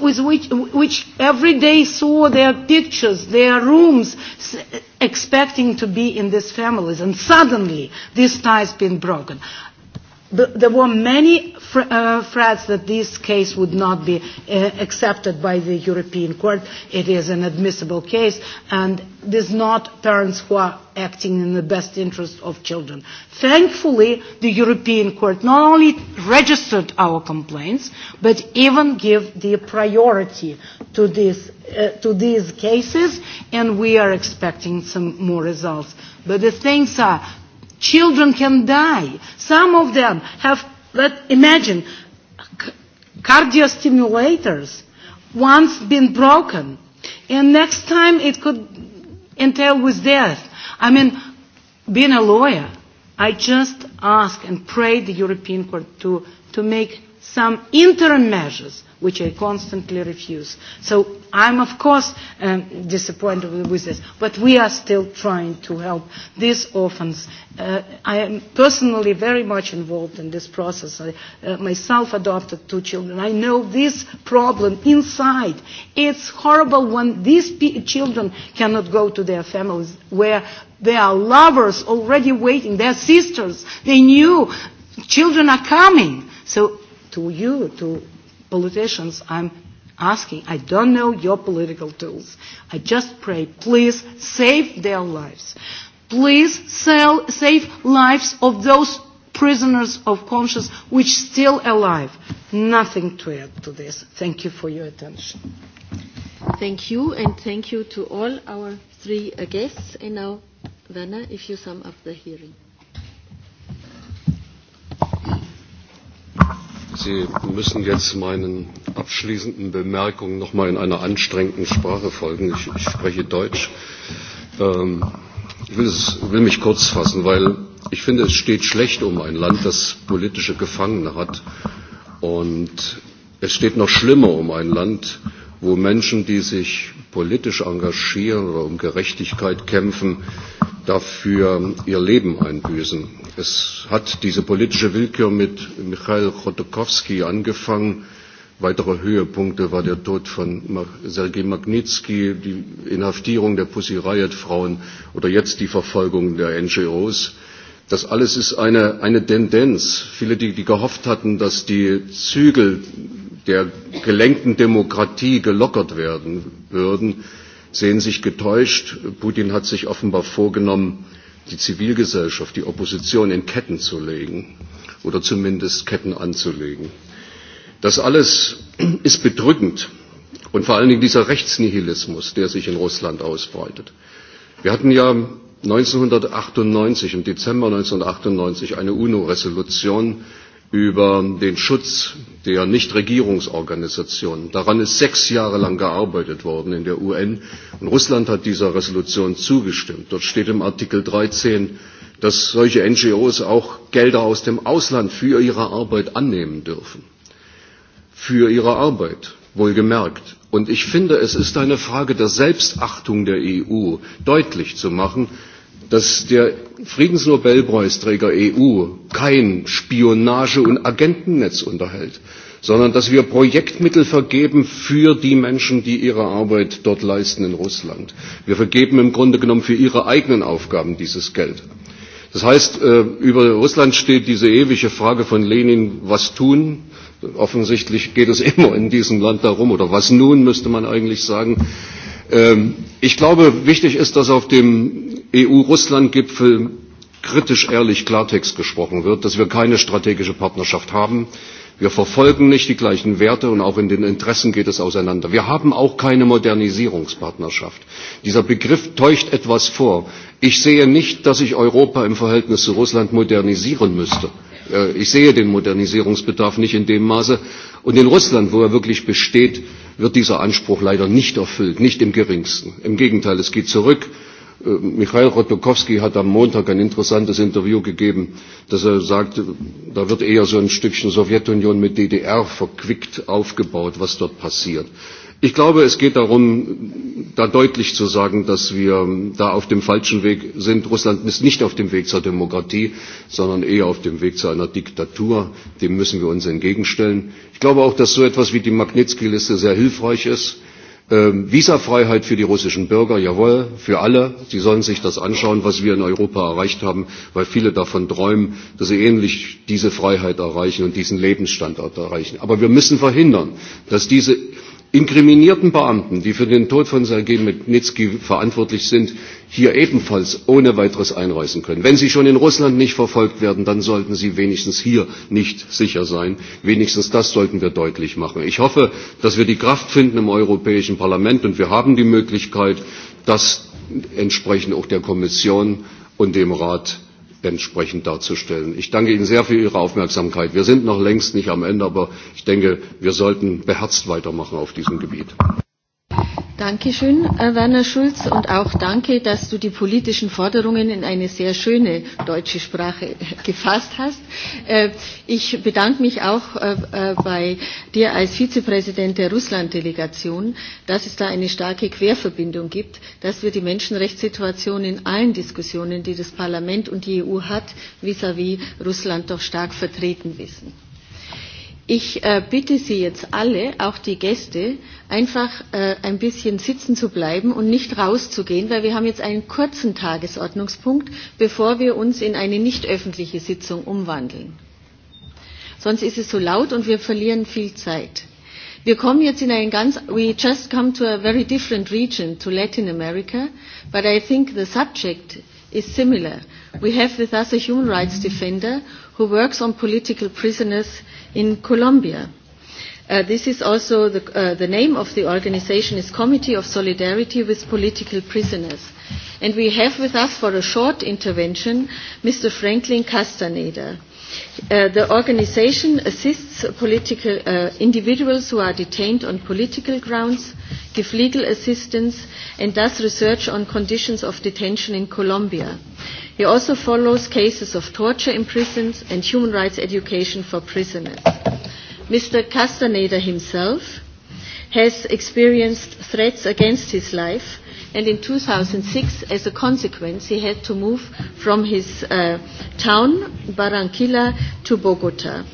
with which which every day saw their pictures, their rooms expecting to be in these families and suddenly these ties been broken There were many threats that this case would not be accepted by the European Court. It is an admissible case and is not parents who are acting in the best interest of children. Thankfully, the European Court not only registered our complaints, but even gave the priority to these cases, and we are expecting some more results. But the things are Children can die. Some of them have, let imagine, cardiostimulators once been broken, and next time it could entail with death. I mean, being a lawyer, I just ask and pray the European Court to to make some interim measures which I constantly refuse. So I'm of course disappointed with this, but we are still trying to help these orphans. I am personally very much involved in this process. I myself adopted two children. I know this problem inside. It's horrible when these children cannot go to their families where there are lovers already waiting, their sisters. They knew children are coming. So to you, to politicians, I'm asking, I don't know your political tools. I just pray, please save their lives. Please save lives of those prisoners of conscience which are still alive. Nothing to add to this. Thank you for your attention. Thank you, and thank you to all our three guests. And now, Werner, if you sum up the hearing. Sie müssen jetzt meinen abschließenden Bemerkungen noch mal in einer anstrengenden Sprache folgen. Ich spreche Deutsch. Ich will mich kurz fassen, weil ich finde, es steht schlecht um ein Land, das politische Gefangene hat. Und es steht noch schlimmer um ein Land, wo Menschen, die sich politisch engagieren oder um Gerechtigkeit kämpfen, dafür ihr Leben einbüßen. Es hat diese politische Willkür mit Michail Chodorkowski angefangen. Weitere Höhepunkte war der Tod von Sergei Magnitsky, die Inhaftierung der Pussy Riot-Frauen oder jetzt die Verfolgung der NGOs. Das alles ist eine, Tendenz. Viele, die gehofft hatten, dass die Zügel der gelenkten Demokratie gelockert werden würden, sehen sich getäuscht. Putin hat sich offenbar vorgenommen, die Zivilgesellschaft, die Opposition in Ketten zu legen oder zumindest Ketten anzulegen. Das alles ist bedrückend und vor allen Dingen dieser Rechtsnihilismus, der sich in Russland ausbreitet. Wir hatten ja 1998, im Dezember 1998, eine UNO-Resolution über den Schutz der Nichtregierungsorganisationen. Daran ist sechs Jahre lang gearbeitet worden in der UN, und Russland hat dieser Resolution zugestimmt. Dort steht im Artikel 13, dass solche NGOs auch Gelder aus dem Ausland für ihre Arbeit annehmen dürfen. Für ihre Arbeit, wohlgemerkt. Und ich finde, es ist eine Frage der Selbstachtung der EU, deutlich zu machen, dass der Friedensnobelpreisträger EU kein Spionage- und Agentennetz unterhält, sondern dass wir Projektmittel vergeben für die Menschen, die ihre Arbeit dort leisten in Russland. Wir vergeben im Grunde genommen für ihre eigenen Aufgaben dieses Geld. Das heißt, über Russland steht diese ewige Frage von Lenin, was tun? Offensichtlich geht es immer in diesem Land darum, oder was nun, müsste man eigentlich sagen. Ich glaube, wichtig ist, dass auf dem EU-Russland-Gipfel kritisch ehrlich Klartext gesprochen wird, dass wir keine strategische Partnerschaft haben. Wir verfolgen nicht die gleichen Werte und auch in den Interessen geht es auseinander. Wir haben auch keine Modernisierungspartnerschaft. Dieser Begriff täuscht etwas vor. Ich sehe nicht, dass ich Europa im Verhältnis zu Russland modernisieren müsste. Ich sehe den Modernisierungsbedarf nicht in dem Maße. Und in Russland, wo er wirklich besteht, wird dieser Anspruch leider nicht erfüllt, nicht im geringsten. Im Gegenteil, es geht zurück. Michail Rotokowski hat am Montag ein interessantes Interview gegeben, dass er sagt, da wird eher so ein Stückchen Sowjetunion mit DDR verquickt aufgebaut, was dort passiert. Ich glaube, es geht darum, da deutlich zu sagen, dass wir da auf dem falschen Weg sind. Russland ist nicht auf dem Weg zur Demokratie, sondern eher auf dem Weg zu einer Diktatur. Dem müssen wir uns entgegenstellen. Ich glaube auch, dass so etwas wie die Magnitsky-Liste sehr hilfreich ist. Visafreiheit für die russischen Bürger, jawohl, für alle. Sie sollen sich das anschauen, was wir in Europa erreicht haben, weil viele davon träumen, dass sie ähnlich diese Freiheit erreichen und diesen Lebensstandard erreichen. Aber wir müssen verhindern, dass diese inkriminierten Beamten, die für den Tod von Sergej Magnitsky verantwortlich sind, hier ebenfalls ohne weiteres einreißen können. Wenn sie schon in Russland nicht verfolgt werden, dann sollten sie wenigstens hier nicht sicher sein. Wenigstens das sollten wir deutlich machen. Ich hoffe, dass wir die Kraft finden im Europäischen Parlament, und wir haben die Möglichkeit, das entsprechend auch der Kommission und dem Rat entsprechend darzustellen. Ich danke Ihnen sehr für Ihre Aufmerksamkeit. Wir sind noch längst nicht am Ende, aber ich denke, wir sollten beherzt weitermachen auf diesem Gebiet. Danke schön, Werner Schulz, und auch danke, dass du die politischen Forderungen in eine sehr schöne deutsche Sprache gefasst hast. Ich bedanke mich auch bei dir als Vizepräsident der Russland-Delegation, dass es da eine starke Querverbindung gibt, dass wir die Menschenrechtssituation in allen Diskussionen, die das Parlament und die EU hat, vis-à-vis Russland doch stark vertreten wissen. Ich bitte Sie jetzt alle, auch die Gäste, einfach ein bisschen sitzen zu bleiben und nicht rauszugehen, weil wir haben jetzt einen kurzen Tagesordnungspunkt, bevor wir uns in eine nicht öffentliche Sitzung umwandeln. Sonst ist es so laut und wir verlieren viel Zeit. Wir kommen jetzt in einen ganz, we just come to a very different region, to Latin America, but I think the subject is similar. We have with us a human rights defender who works on political prisoners in Colombia. This is also the name of the organization is Committee of Solidarity with Political Prisoners. And we have with us for a short intervention Mr. Franklin Castaneda. The organization assists political individuals who are detained on political grounds, give legal assistance, and does research on conditions of detention in Colombia. He also follows cases of torture in prisons and human rights education for prisoners. Mr. Castaneda himself has experienced threats against his life and in 2006 as a consequence he had to move from his town Barranquilla to Bogota.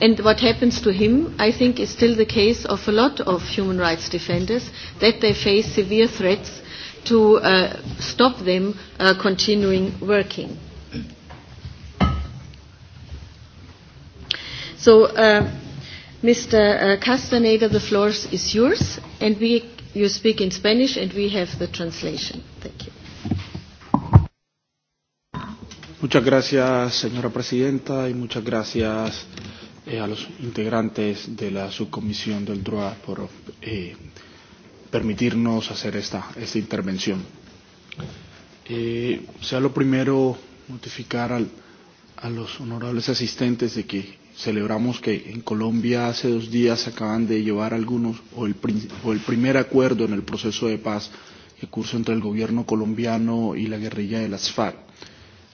And what happens to him, I think, is still the case of a lot of human rights defenders, that they face severe threats to stop them continuing working. So, Mr. Castaneda, the floor is yours, and we, you speak in Spanish, and we have the translation. Thank you. Muchas gracias, señora presidenta, y muchas gracias eh, a los integrantes de la subcomisión del DROA por eh, permitirnos hacer esta, esta intervención. Eh, sea lo primero notificar al, a los honorables asistentes de que celebramos que en Colombia hace dos días se acaban de llevar algunos o el, o el primer acuerdo en el proceso de paz que curso entre el gobierno colombiano y la guerrilla de las FARC.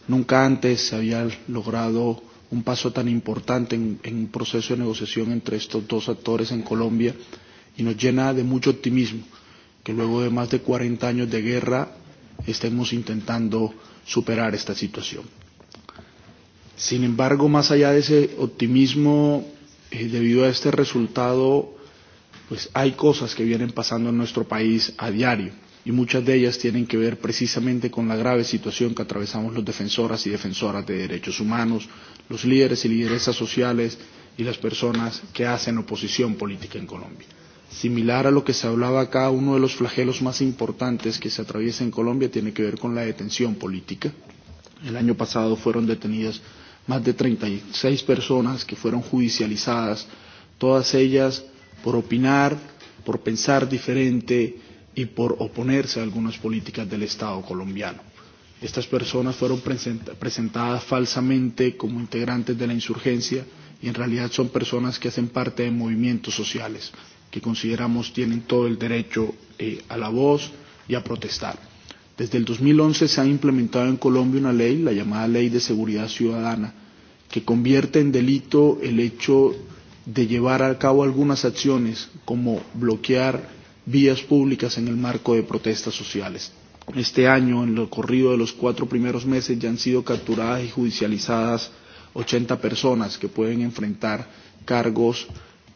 Nunca antes se había logrado un paso tan importante en, un proceso de negociación entre estos dos actores en Colombia y nos llena de mucho optimismo que luego de más de 40 años de guerra estemos intentando superar esta situación. Sin embargo, más allá de ese optimismo, debido a este resultado, pues hay cosas que vienen pasando en nuestro país a diario y muchas de ellas tienen que ver precisamente con la grave situación que atravesamos los defensoras y defensoras de derechos humanos, los líderes y lideresas sociales y las personas que hacen oposición política en Colombia. Similar a lo que se hablaba acá, uno de los flagelos más importantes que se atraviesa en Colombia tiene que ver con la detención política. El año pasado fueron detenidas más de 36 personas que fueron judicializadas, todas ellas por opinar, por pensar diferente y por oponerse a algunas políticas del Estado colombiano. Estas personas fueron presentadas falsamente como integrantes de la insurgencia y en realidad son personas que hacen parte de movimientos sociales que consideramos tienen todo el derecho a la voz y a protestar. Desde el 2011 se ha implementado en Colombia una ley, la llamada Ley de Seguridad Ciudadana, que convierte en delito el hecho de llevar a cabo algunas acciones como bloquear vías públicas en el marco de protestas sociales. Este año, en lo corrido de los cuatro primeros meses, ya han sido capturadas y judicializadas 80 personas que pueden enfrentar cargos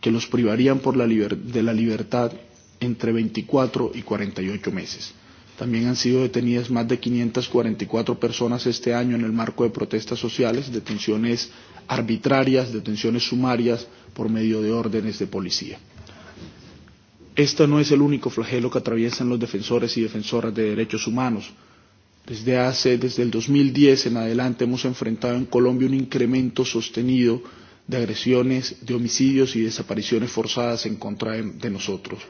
que los privarían por de la libertad entre 24 y 48 meses. También han sido detenidas más de 544 personas este año en el marco de protestas sociales, detenciones arbitrarias, detenciones sumarias por medio de órdenes de policía. Este no es el único flagelo que atraviesan los defensores y defensoras de derechos humanos. Desde hace desde el 2010 en adelante hemos enfrentado en Colombia un incremento sostenido de agresiones, de homicidios y desapariciones forzadas en contra de nosotros,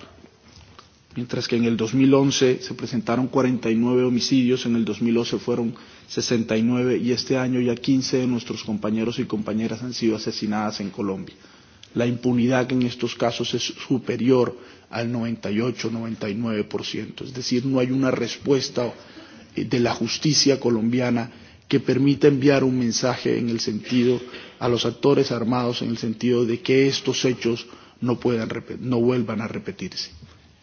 mientras que en el 2011 se presentaron 49 homicidios, en el 2012 fueron 69 y este año ya 15 de nuestros compañeros y compañeras han sido asesinadas en Colombia. La impunidad en estos casos es superior al 98-99%, es decir, no hay una respuesta de la justicia colombiana que permita enviar un mensaje en el sentido a los actores armados en el sentido de que estos hechos no puedan no vuelvan a repetirse.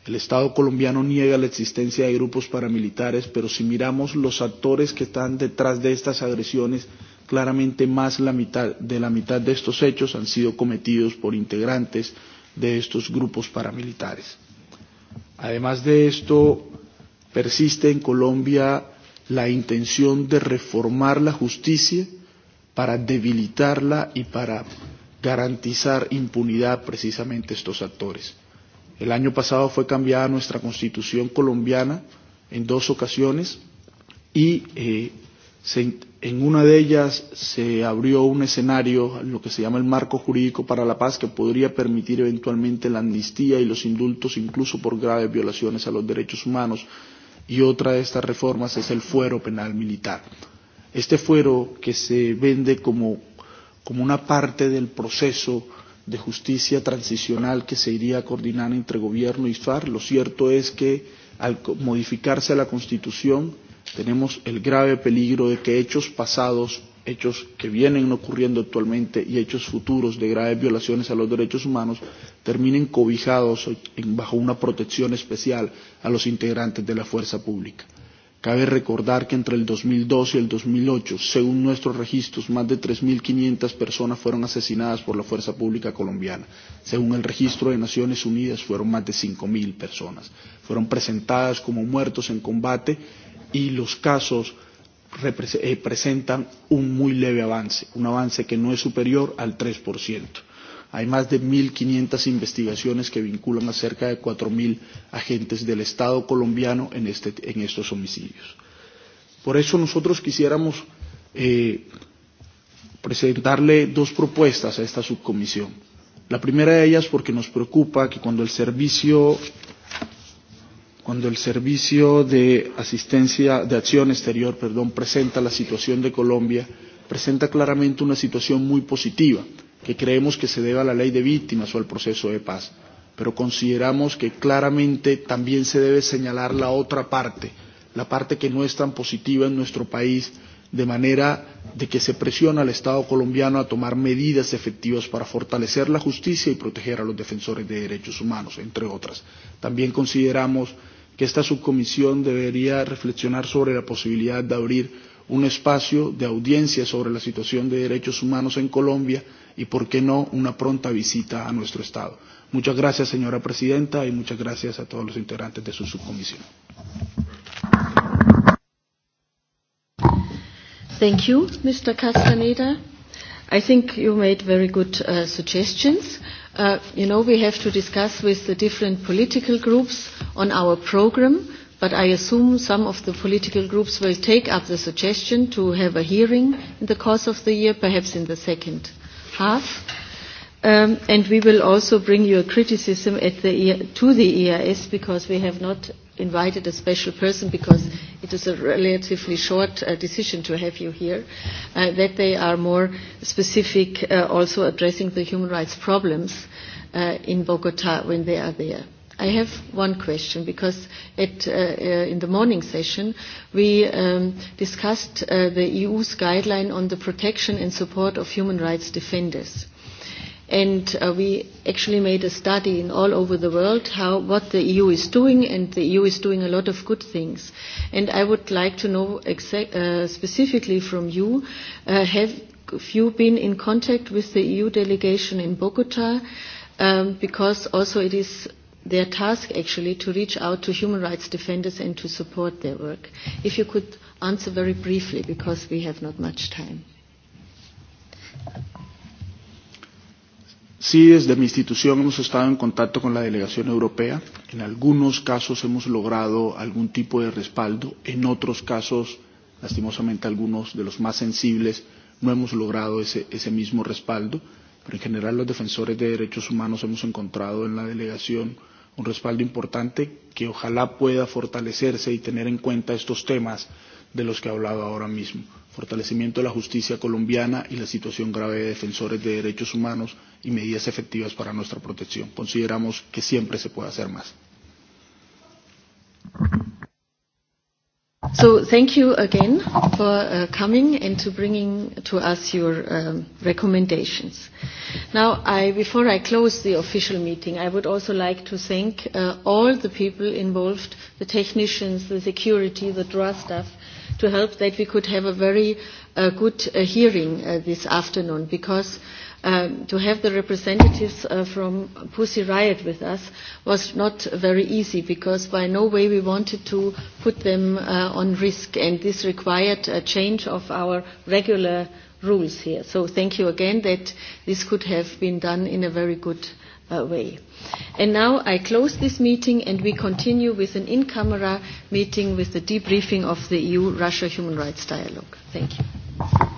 El Estado colombiano niega la existencia de grupos paramilitares, pero si miramos los actores que están detrás de estas agresiones, claramente más la mitad, de la mitad de estos hechos han sido cometidos por integrantes de estos grupos paramilitares. Además de esto, persiste en Colombia la intención de reformar la justicia para debilitarla y para garantizar impunidad precisamente a estos actores. El año pasado fue cambiada nuestra constitución colombiana en dos ocasiones y eh, se, en una de ellas se abrió un escenario, lo que se llama el marco jurídico para la paz, que podría permitir eventualmente la amnistía y los indultos incluso por graves violaciones a los derechos humanos. Y otra de estas reformas es el fuero penal militar. Este fuero que se vende como, como una parte del proceso de justicia transicional que se iría a coordinar entre gobierno y FARC. Lo cierto es que al modificarse la Constitución tenemos el grave peligro de que hechos pasados, hechos que vienen ocurriendo actualmente y hechos futuros de graves violaciones a los derechos humanos terminen cobijados bajo una protección especial a los integrantes de la fuerza pública. Cabe recordar que entre el 2002 y el 2008, según nuestros registros, más de 3.500 personas fueron asesinadas por la Fuerza Pública Colombiana. Según el registro de Naciones Unidas, fueron más de 5.000 personas. Fueron presentadas como muertos en combate y los casos presentan un muy leve avance, un avance que no es superior al 3%. Hay más de 1.500 investigaciones que vinculan a cerca de 4.000 agentes del Estado colombiano en, este, en estos homicidios. Por eso nosotros quisiéramos eh, presentarle dos propuestas a esta subcomisión. La primera de ellas porque nos preocupa que cuando el servicio cuando el servicio de asistencia de acción exterior, perdón, presenta la situación de Colombia, presenta claramente una situación muy positiva que creemos que se debe a la ley de víctimas o al proceso de paz, pero consideramos que claramente también se debe señalar la otra parte, la parte que no es tan positiva en nuestro país, de manera de que se presiona al Estado colombiano a tomar medidas efectivas para fortalecer la justicia y proteger a los defensores de derechos humanos, entre otras. También consideramos que esta subcomisión debería reflexionar sobre la posibilidad de abrir un espacio de audiencia sobre la situación de derechos humanos en Colombia y, por qué no, una pronta visita a nuestro Estado. Muchas gracias, señora presidenta, y muchas gracias a todos los integrantes de su subcomisión. Thank you, Mr. Castaneda. I think you made very good suggestions. You know, we have to discuss with the different political groups on our program but I assume some of the political groups will take up the suggestion to have a hearing in the course of the year, perhaps in the second half. And we will also bring your criticism to the EIS because we have not invited a special person because it is a relatively short decision to have you here, that they are more specific also addressing the human rights problems in Bogota when they are there. I have one question because at in the morning session we discussed the EU's guideline on the protection and support of human rights defenders and we actually made a study in all over the world how what the EU is doing and the EU is doing a lot of good things and I would like to know specifically from you have you been in contact with the EU delegation in Bogota because also it is their task actually to reach out to human rights defenders and to support their work. If you could answer very briefly, because we have not much time. Sí, desde mi institución hemos estado en contacto con la delegación europea. En algunos casos hemos logrado algún tipo de respaldo. En otros casos, lastimosamente algunos de los más sensibles, no hemos logrado ese, ese mismo respaldo. Pero en general los defensores de derechos humanos hemos encontrado en la delegación un respaldo importante que ojalá pueda fortalecerse y tener en cuenta estos temas de los que he hablado ahora mismo. Fortalecimiento de la justicia colombiana y la situación grave de defensores de derechos humanos y medidas efectivas para nuestra protección. Consideramos que siempre se puede hacer más. So thank you again for coming and to bringing to us your recommendations. Now, before I close the official meeting, I would also like to thank all the people involved, the technicians, the security, the draw staff, to help that we could have a very good hearing this afternoon because to have the representatives from Pussy Riot with us was not very easy because by no way we wanted to put them on risk and this required a change of our regular rules here. So thank you again that this could have been done in a very good way. And now I close this meeting and we continue with an in-camera meeting with the debriefing of the EU-Russia human rights dialogue. Thank you.